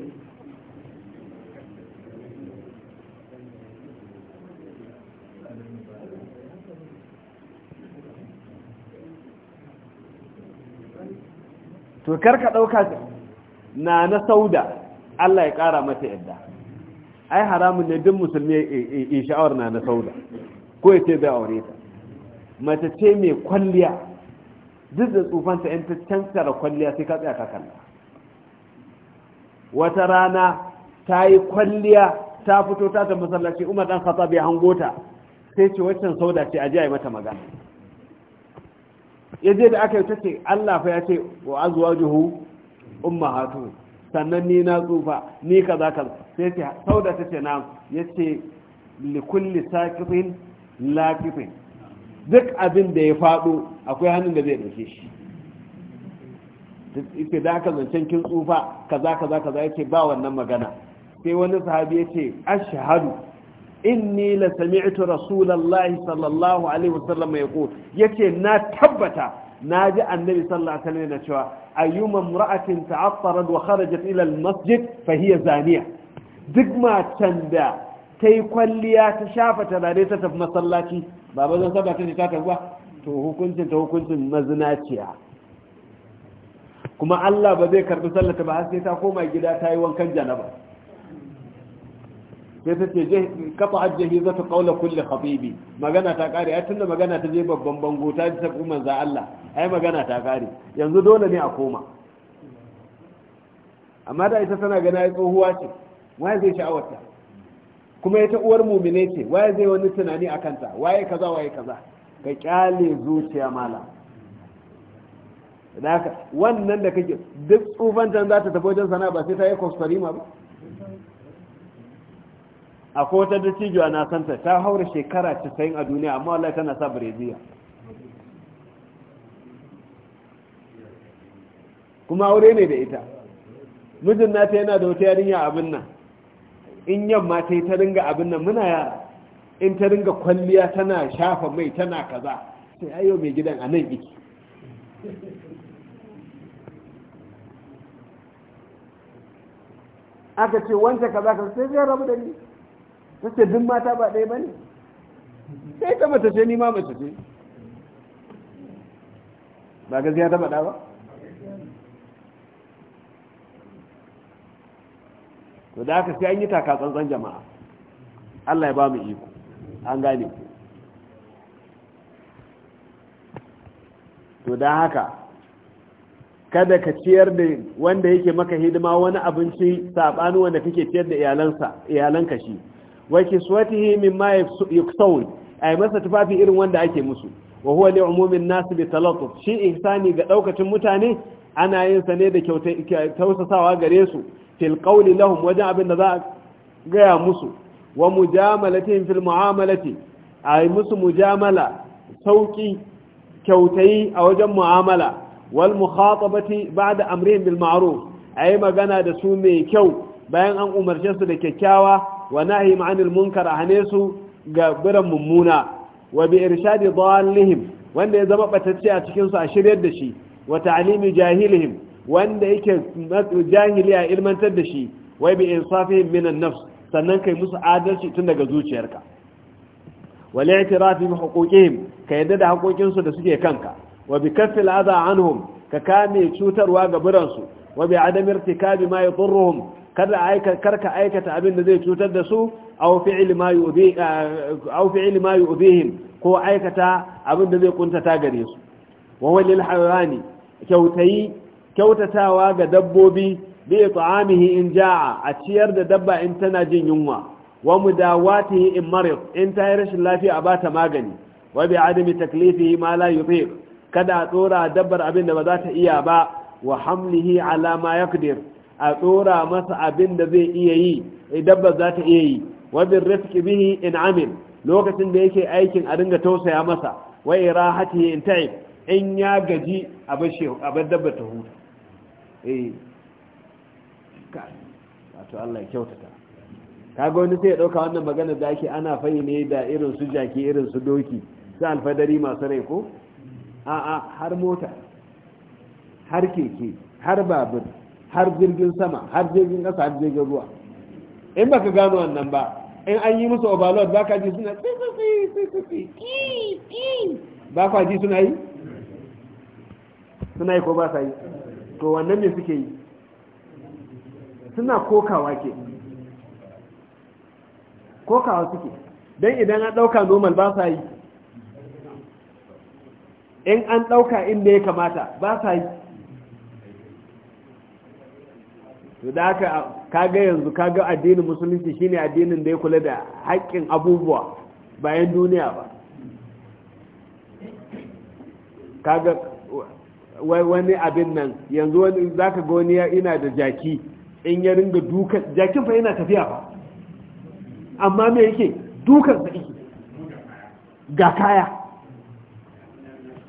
A: to karka ɗauka na na sauda Allah ya ƙara mata yadda ai haramun ne duk musulmi ya sha'awar na na sauda ko ya ce zai aure ta mace ce mai kwalliya duk da tsufanta 'yan ta cancara kwalliya sai ka tsaya ka kalla wata rana ta yi kwalliya ta fito ta ta masallaci umar dan kasa bai hango ta sai ce waccan sauda ce aje a yi mata magana ya da aka yi ta ce Allah fa ya ce wa umma hatu sannan ni na tsufa ni kaza kaza sai ce sauda ta ce na ya ce likulli sakifin lakifin duk abin da ya faɗo akwai hannun da zai ɗauke shi ita da aka zancen kin tsufa kaza kaza kaza yace ba wannan magana sai wani sahabi yace ashhadu inni la sami'tu rasulallah sallallahu alaihi wasallam yaqul yace na tabbata naji annabi sallallahu alaihi wasallam yana cewa ayyuma imra'atin ta'attarat wa kharajat ila al-masjid fa hiya zaniya duk matan da tai kwalliya ta shafa ta tarare ta tafi masallaci ba ba zan saba ta ta tafi ba to hukuncin ta hukuncin mazinaciya kuma Allah ba zai karbi sallata ba har sai ta koma gida ta yi wankan janaba sai ta ce kafa ajiyar za ta kaula kulle habibi magana ta kare ya tunda magana ta je babban bango ta ji kuma za Allah ai magana ta kare yanzu dole ne a koma amma da ita tana gana ya tsohuwa ce waye zai sha'awarta kuma ita uwar mumine ce waye zai wani tunani a kanta waye kaza waye kaza ka kyale zuciya mala da haka wannan da kake duk tsufantan za ta tafi wajen sana ba sai ta yi kwastarima ba a kowata da cijiya na santa ta haura shekara 90 a duniya amma wallahi tana sa breziya kuma aure ne da ita mijin nata yana da wata yarinya abin nan in yamma ta yi ta ringa abin nan muna yara in ta ringa kwalliya tana shafa mai tana kaza sai ayo mai gidan a nan iki aka ce wancan kaza kaza sai zai rabu da ni ta ce duk mata ba ɗaya ba ne sai ta mace ce ni ma mace ce ba gaskiya ta faɗa ba to da haka sai an yi taka tsantsan jama'a Allah ya ba mu iko an gane ku to da haka kada ka ciyar da wanda yake maka hidima wani abinci sabani wanda kake ciyar da iyalansa iyalanka shi wa kiswatihi mimma yuksawun ai masa tufafi irin wanda ake musu wa huwa li umumin nas bi talatuf shi ihsani ga daukacin mutane ana yin sa ne da kyautai tausasawa gare su fil qawli lahum wajen abin da za a gaya musu wa mujamalatihim fil mu'amalati ay musu mujamala sauki kyautayi a wajen mu'amala wal mukhatabati ba'da amrihim bil ma'ruf ay magana da su mai kyau bayan an umarce su da kyakkyawa wa nahi ma'anil munkar hane su ga biran mummuna wa bi irshadi dallihim wanda ya zama batacce a cikin su a shiryar da shi wa ta'limi jahilihim wanda yake jahiliya ilmantar da shi wai bi insafihim minan nafs sannan kai musu adalci tun daga zuciyarka wal i'tirafi bi huquqihim ka yadda da haƙoƙinsu da suke kanka wa bi kaffil adha anhum ka kame cutarwa ga biransu wa bi adam irtikabi ma yadurruhum kada aika karka aikata abin da zai cutar da su aw fi'li ma yu'dhi aw fi'li ma yu'dhihim ko aikata abin da zai kuntata gare su wa walil hawani kyautayi kyautatawa ga dabbobi bi it'amihi in ja'a a ciyar da dabba in tana jin yunwa wa mudawatihi in marid in ta yi rashin lafiya a bata magani wa bi adami taklifihi ma la yutiq kada a tsora dabbar abin da ba za ta iya ba wa hamlihi ala ma yaqdir a tsora masa abin da zai iya yi eh, dabbar za ta iya yi wa bi rifqi bihi in amil lokacin da yake aikin a dinga tausaya masa wa irahatihi in ta'ib in ya gaji a bar dabbar ta huta eh ka wato Allah ya kyautata kaga wani sai ya dauka wannan magana da ake ana fayi ne da irin su jaki irin su doki su alfadari masu rai ko a a har mota har keke har babur har jirgin sama har jirgin kasa har jirgin ruwa in baka gano wannan ba in an yi musu overload baka ji suna ba kwa ji suna yi suna yi ko ba sa yi to wannan ne suke yi suna kokawa ke kokawa suke don idan an ɗauka normal ba sa yi in an ɗauka inda ya kamata ba sa yi su da aka kaga yanzu kaga addinin musulunci shine addinin da ya kula da haƙƙin abubuwa bayan duniya ba kaga wani abin nan yanzu wani za ka ya ina da jaki in ya ringa dukan jakin fa yana tafiya ba amma me yake dukan sa ga kaya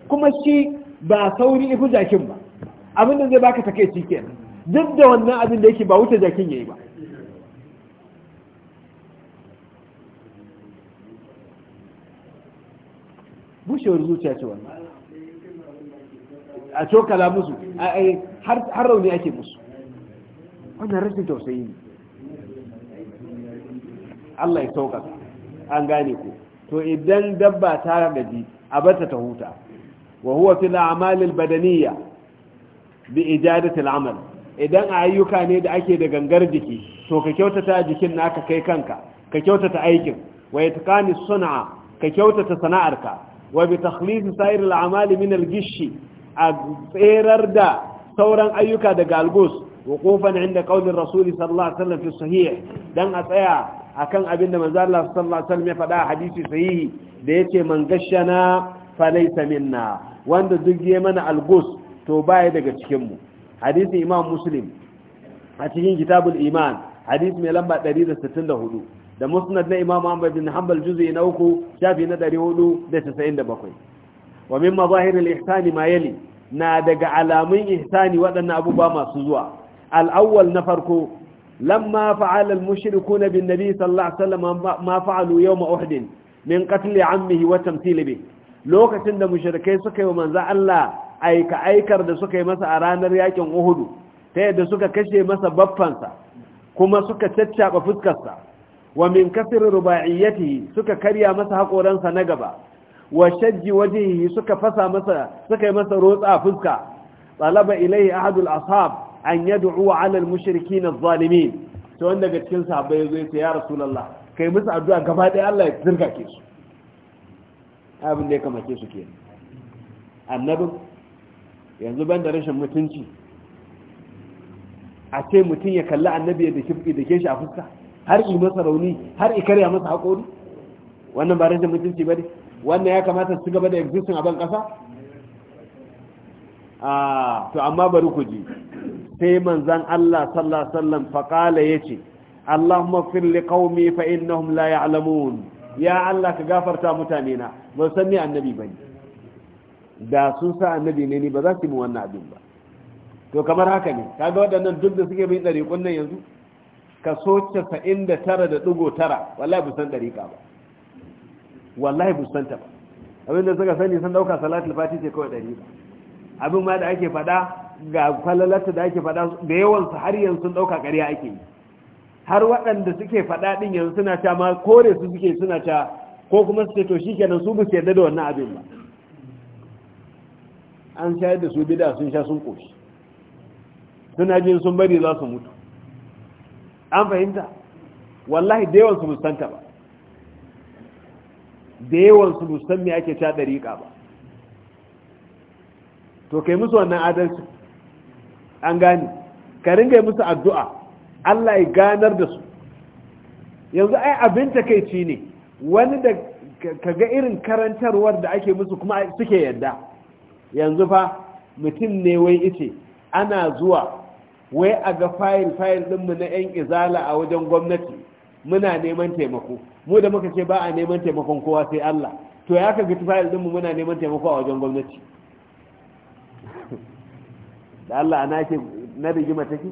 A: kuma shi ba sauri ifu jakin ba abin da zai baka take kenan duk da wannan abin da yake ba wuce jakin yayi ba bushewar zuciya ce wannan a cokala musu har rauni ake musu wannan rashin tausayi ne Allah ya sauka an gane ku to idan dabba ta gaji a bata ta huta wa huwa fil a'malil badaniyya bi ijadati al-amal idan ayyuka ne da ake da gangar jiki to ka kyautata jikin naka kai kanka ka kyautata aikin wa itqani sun'a ka kyautata sana'arka wa bi takhlis sa'ir al-a'mal min al-gishi a tserar da sauran ayyuka daga algus wuqufan inda kaunin rasuli sallallahu alaihi wasallam fi sahih don a tsaya a kan abinda manzo Allah sallallahu alaihi ya faɗa hadisi sahihi da ce man gashana falaysa minna wanda duk ya mana algus to baya daga cikinmu. hadisi imam muslim a cikin kitabul iman hadisi mai lamba 164 da musnad na imam Ahmad bin Hanbal juz'i na uku shafi na 497 wa min mazahiril ihsani ma yali na daga alamun ihsani wadannan abubuwa masu zuwa al-awwal na farko lamma fa'ala al-mushrikuna bin nabi sallallahu alaihi wasallam ma fa'alu yawm uhud min qatl ammihi wa tamthil bi lokacin da mushrikai suka yi manzo Allah aika aikar da suka yi masa a ranar yakin Uhud ta yadda suka kashe masa baffansa kuma suka caccaba fuskarsa wa min kasir rubaiyatihi suka karya masa hakoransa na gaba wa shajji wajhihi suka fasa masa suka yi masa rotsa fuska talaba ilayhi ahadul ashab an yad'u ala al mushrikin adh-dhalimin to wanda daga cikin sahabbai yazo yace ya rasulullah kai musu addu'a gaba ɗaya Allah ya zirga ke su abin da ya kamace su kenan Annabi, yanzu ban da rashin mutunci a ce mutum ya kalli annabi da shi da ke shi a fuska har yi masa rauni har i karya masa haƙori wannan ba rashin mutunci ba ne wannan ya kamata su gaba da existing a ban kasa a to amma bari ku ji sai manzan Allah sallallahu alaihi wasallam faqala yace Allahumma fir li qaumi fa innahum la ya'lamun ya Allah ka gafarta mutane na ban san ni annabi bane da sun sa annabi ne ni ba za su yi wannan abin ba to kamar haka ne kaga waɗannan duk da suke bin ɗariƙun nan yanzu ka kaso 99.9 wallahi bu san ɗariƙa ba wallahi bu santa ba abin da suka sani sun dauka salatul fati ce kawai dari abin ma da ake fada ga kwalalata da ake fada da yawan su har yanzu sun dauka ƙarya ake yi har waɗanda suke fada din yanzu suna ta ma kore su suke suna ta ko kuma su ce to shikenan su bu yarda da wannan abin ba an shayar da su bida sun sha sun koshi suna jin sun bari za su mutu an fahimta wallahi da yawan su musanta ba da yawansu musamman me ake ta riƙa ba to kai musu wannan adalci an gane ka ringa musu addu'a Allah ya ganar da su yanzu ai abin ci ne wani da kaga irin karantarwar da ake musu kuma suke yadda yanzu fa mutum ne wai ice ana zuwa wai a ga fayil fayil ɗinmu na 'yan izala a wajen gwamnati muna neman taimako mu da muka ce ba a neman taimakon kowa sai Allah to ya kaga tufail ɗinmu muna neman taimako a wajen gwamnati
B: [laughs]
A: da Allah ana ce na rigima take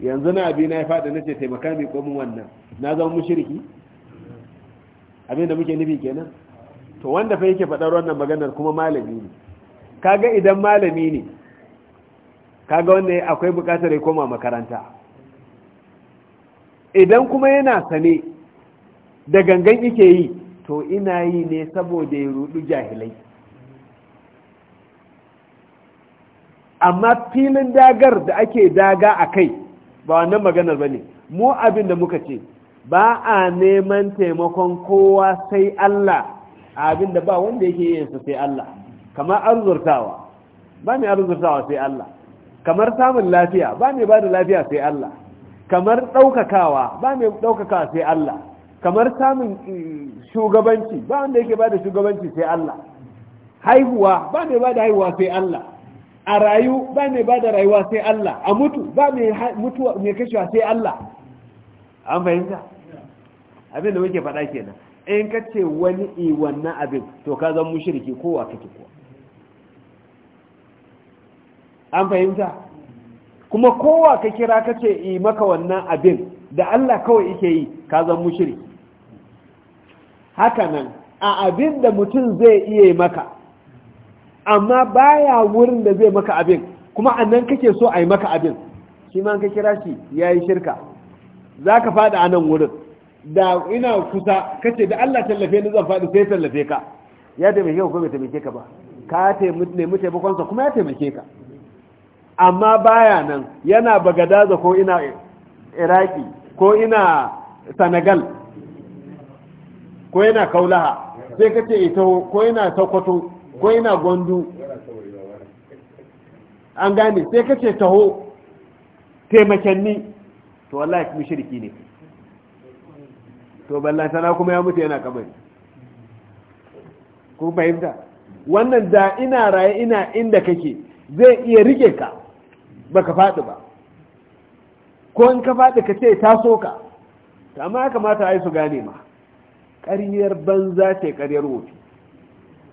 A: yanzu na bi na ya faɗa na ce taimaka mai komin wannan na zama mushriki abinda muke nufi kenan to wanda fa yake faɗar wannan maganar kuma malami ne kaga idan malami ne kaga wanda akwai buƙatar ya koma makaranta idan kuma yana sane da gangan yake yi to ina yi ne saboda ya rudu jahilai amma filin dagar da ake daga a kai ba wannan maganar ba ne mu abin da muka ce ba a neman taimakon kowa sai Allah abin da ba wanda yake yinsa sai Allah kamar arzurtawa ba mai arzurtawa sai Allah kamar samun lafiya ba mai ba da lafiya sai Allah kamar ɗaukakawa ba mai ɗaukakawa sai Allah kamar samun eh, shugabanci ba wanda yake ba da shugabanci sai Allah haihuwa ba mai ba da haihuwa sai Allah a rayu ba mai ba da rayuwa sai Allah a mutu ba mai mai kashewa sai Allah an fahimta abin da muke faɗa kenan in ka ce wani i eh, abin to ka zan mushirki kowa kake kowa an fahimta kuma kowa ka kira ka ce yi eh, maka wannan abin da Allah kawai yake yi ka zan mushiri haka nan a abin da mutum zai iya yi maka amma baya wurin da zai maka abin kuma annan kake so a yi maka abin shi ma ka kira shi ya yi shirka za ka faɗi a nan wurin da ina kusa ka ce da Allah tallafe ni zan faɗi sai tallafe ka ya taimake ka ko bai taimake ka ba ka nemi taimakonsa kuma ya taimake ka amma baya nan yana bagadaza ko ina iraki ko ina senegal ko yana kaulaha sai kace ita ko yana sokoto ko yana gondu an gane sai kace taho ni, to wallahi shirki ne to ballan sana kuma ya mutu yana kamar, ko fahimta wannan da ina raye ina inda kake zai iya rike ka baka faɗi ba ko in ka faɗi ka ce ta soka amma ya kamata a yi su gane ma ƙaryar banza ce ƙaryar wofi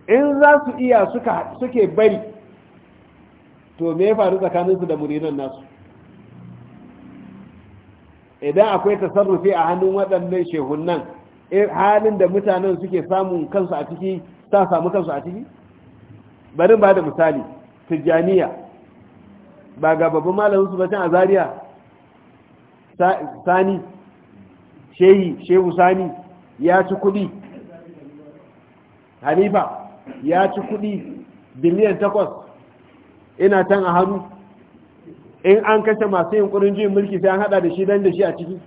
A: in za su iya suke bari to me ya faru tsakaninsu da murinan nasu idan akwai tasarrufi a hannun waɗannan shehunan eh, halin da mutanen suke samun kansu a ciki ta samu kansu a ciki bari ba da misali tijjaniya ba ga babban malamin su a Zariya? sani shehi shehu sani ya ci kudi hanifa ya ci kudi biliyan takwas ina can a hannu in an kashe masu yunkurin juyin mulki sai an hada da shi dan da shi a ciki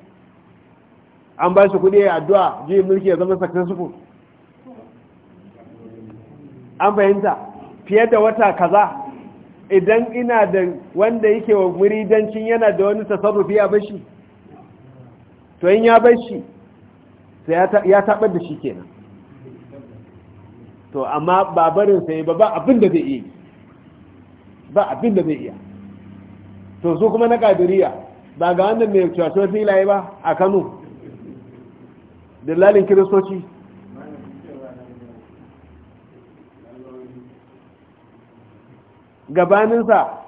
A: an ba shi kudi addu'a juyin mulki ya zama successful an fahimta fiye da wata kaza idan ina da wanda yake wa muridancin yana da wani tasarrufi ya bashi to in ya bashi sai ya taɓar da shi kenan to amma ba barin sai ba ba abin da zai iya ba abin da zai iya to su kuma na kadiriya ba ga wannan mai cewa filaye ba a kano dillalin kiristoci gabaninsa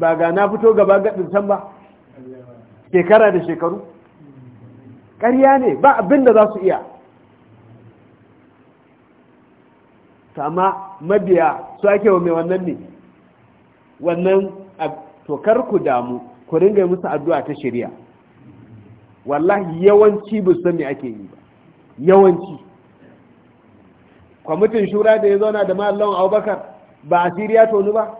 A: ba ga na fito gaba gaɗin can ba shekara da shekaru ƙarya ne ba abin da za su iya sama mabiya su ake wa mai wannan ne wannan tokar ku damu ku ringa musu addu'a ta shirya wallahi yawanci bu san me ake yi ba yawanci kwamitin shura da ya zauna da mallon abubakar ba a siriya tonu ba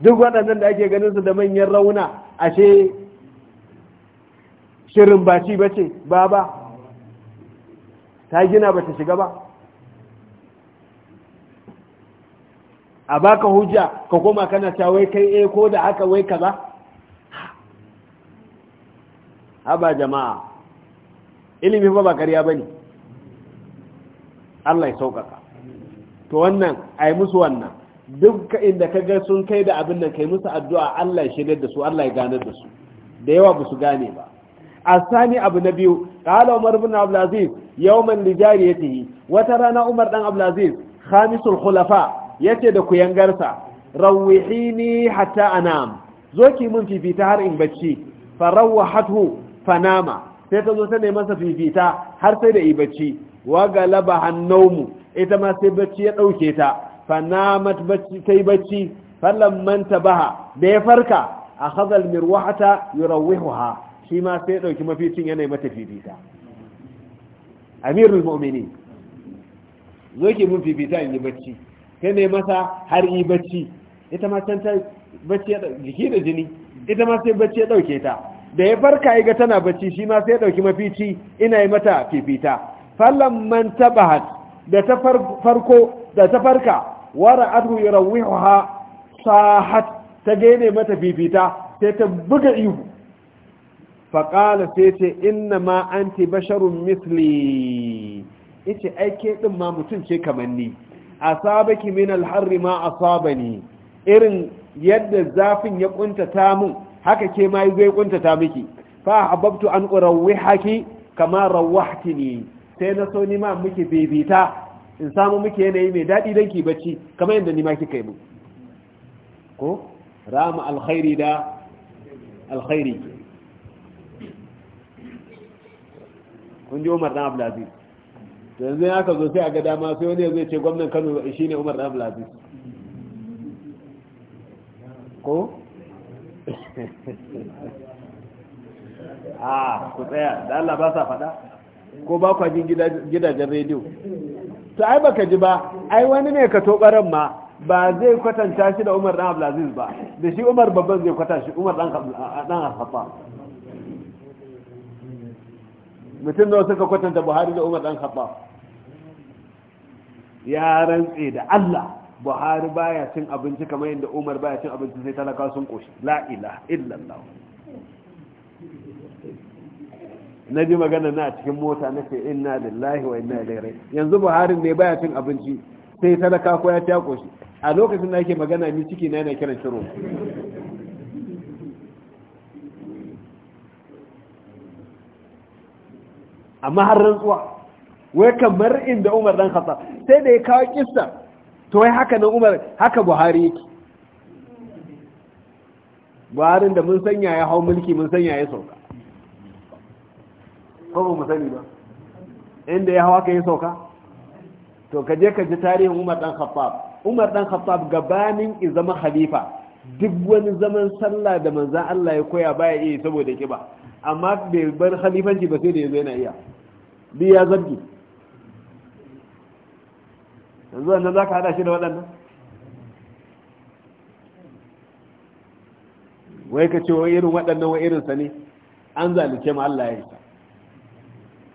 A: duk waɗannan da ake ganin su da manyan rauna ashe shirin ci ba ce ba ba ta gina ba ta shiga ba a baka hujja ka koma kana ta wai kai e ko da haka wai kaza haba jama'a ilimi fa ba ba ne. Allah ya sauƙaƙa to wannan ai musu wannan duk inda ka ga sun kai da abin nan kai musu addu'a Allah ya shirye da su Allah ya ganar da su da yawa ba su gane ba asani abu na biyu qala umar ibn abdul aziz yawman li jariyatihi wata rana umar dan abdul aziz khamisul khulafa yace da kuyangarsa rawihini hatta anam zo ki mun fifita har in bacci farawahathu fanama sai ta zo ta nemi masa fifita har sai da ibacci wa galaba mu. ita ma sai bacci ya ɗauke ta fanamat bacci ta yi bacci fallan ta baha da ya farka a hazal mirwahata yurawwihuha shi ma sai ya ɗauki maficin yanayi mata fifita amirul mu'mini zo ke mun fifita in yi bacci ta ne masa har yi bacci ita ma can ta bacci ya jiki da jini ita ma sai bacci ya ɗauke ta da ya farka ga tana bacci shi ma sai ya ɗauki mafici ina yi mata fifita fallan man tabahat da ta farko da ta farka wara adu yarawiha sahat ta gane mata fifita sai ta buga ihu faƙala sai ce inna ma anti basharun misli ice aike ɗin ma mutum ce kamanni. ni asabaki min alharri ma asabani irin yadda zafin ya ƙuntata mun haka ke ma zai ƙuntata miki fa babtu an urawwihaki kama rawahtini sai na so ni ma muke bebita in samu muke yanayi mai daɗi don ki bacci kamar yadda ni ma kika yi mu ko rama alkhairi da alkhairi kun ji umar dan abdulaziz to yanzu ya ka zo sai a ga dama sai wani ya zai ce gwamnan kano shi ne umar dan abdulaziz ko a [laughs] ah, ku tsaya da Allah ba sa faɗa ko ba kwa jin gidajen rediyo to ai baka ji ba ai wani ne ka tobaran ma ba zai kwatanta shi da Umar dan Abdulaziz ba da shi Umar babban zai kwatanta shi Umar dan dan Khattab mutum da suka kwatanta Buhari da Umar dan Khattab ya rantse da Allah Buhari baya cin abinci kamar yadda Umar baya cin abinci sai talaka sun koshi la ilaha illallah na ji magana na a cikin mota na ce inna lillahi wa inna ilaihi raji yanzu buharin ne baya cin abinci sai sadaka ko ya tako shi. a lokacin da ake magana ni ciki na yana kiran shiro amma har rantsuwa wai kamar inda Umar dan Khattab sai da ya kawo kissa to wai haka nan Umar haka Buhari yake Buharin da mun sanya ya hau mulki mun sanya ya sauka ko ba mu sani ba inda ya hawa ka yi sauka to ka je ka ji tarihin umar dan khattab umar dan khattab gabanin i zama khalifa duk wani zaman sallah da manzan Allah ya koya baya iya saboda kiba amma bai bar khalifanci ba sai da yanzu yana iya Bi ya zargi yanzu wannan za ka hada shi da waɗannan wai ka ce wa irin waɗannan wa irinsa ne an zalice ma Allah ya yi ta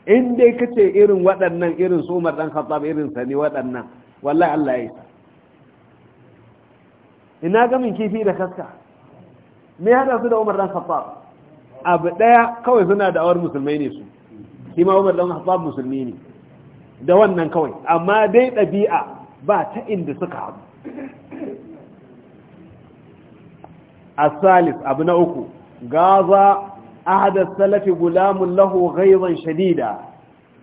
A: in dai kace irin waɗannan irin su Umar dan Khattab irin sa ne waɗannan wallahi Allah ya isa ina ga min kifi da kaska me hada su da Umar dan Khattab abu daya kawai suna da awar musulmai ne su shi ma Umar dan Khattab musulmi ne da wannan kawai amma dai ɗabi'a ba ta inda suka haɗu asalis abu na uku gaza ahada salafi gulamun lahu ghaiban shadida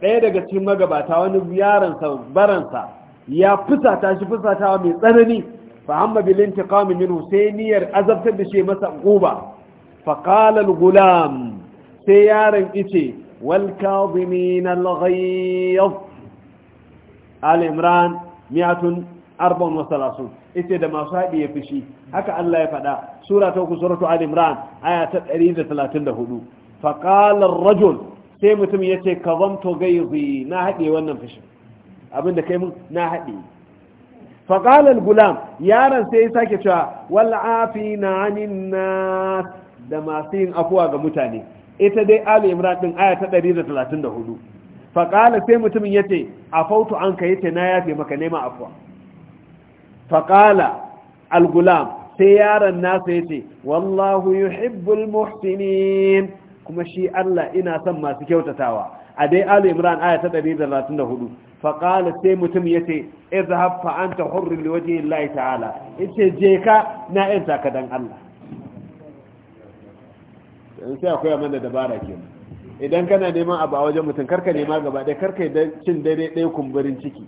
A: ɗaya daga cikin magabata wani yaransa baransa ya fusata shi fusatawa mai tsanani fa hamma bil intiqam minhu sai azabtar da shi masa quba fa qala al gulam sai yaron ice wal kadhimin al ghayz al imran arba'un wa salasun ita da masu haɗi ya fishi. haka Allah ya faɗa sura ta uku suratu ali imran aya ta 134 fa qala ar-rajul sai mutum yace kazamtu ghayzi na haɗiye wannan fushin abinda kai mun na haɗiye fa qala al-gulam yaron sai ya sake cewa wal afina 'anil nas da masu yin afuwa ga mutane ita dai ali imran din aya ta 134 fa qala sai mutumin yace afautu anka yace na yafe maka nema afuwa faƙala al-gulam sai yaron nasa ya ce wallahu yuhibbul muhsinin kuma shi Allah ina son masu kyautatawa a dai Ali Imran aya ta 134 faqala sai mutum yace izhab fa anta hurr li waje Allah ta'ala yace je ka na yin taka dan Allah idan kana neman abu a wajen mutum karka nema gaba ɗaya karka yi cin dare ɗaya kumburin ciki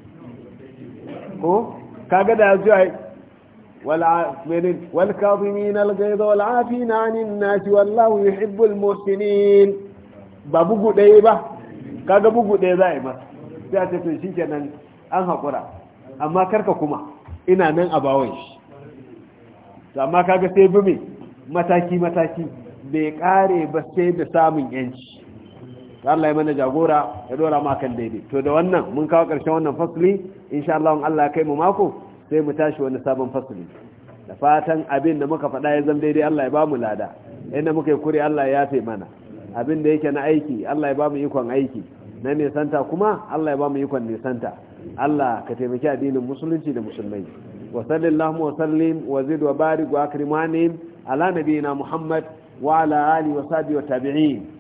A: ko kaga da zuwa والعافين والكاظمين الغيظ والعافين عن wallahu والله يحب المحسنين ba bugu dai ba kaga bugu dai zai a yi sai a tafi shi kenan an haƙura amma karka kuma ina nan a bawon shi amma kaga sai bi mai mataki-mataki bai kare ba sai da samun yanci Allah ya mana jagora ya dora mu akan daidai to da wannan mun kawo ƙarshen wannan fasli insha Allah in Allah ya kai mu mako sai mu tashi wani sabon fasli da fatan abin da muka faɗa ya zama daidai Allah ya ba mu lada inda muka yi kure Allah ya yafe mana abin da yake na aiki Allah ya ba mu ikon aiki na nisanta kuma Allah ya ba mu ikon nisanta Allah ka taimaki addinin musulunci da musulmai wa sallallahu wa sallim wa zid wa barik wa akrimani ala nabiyina Muhammad wa ala alihi wa sahbihi wa tabi'in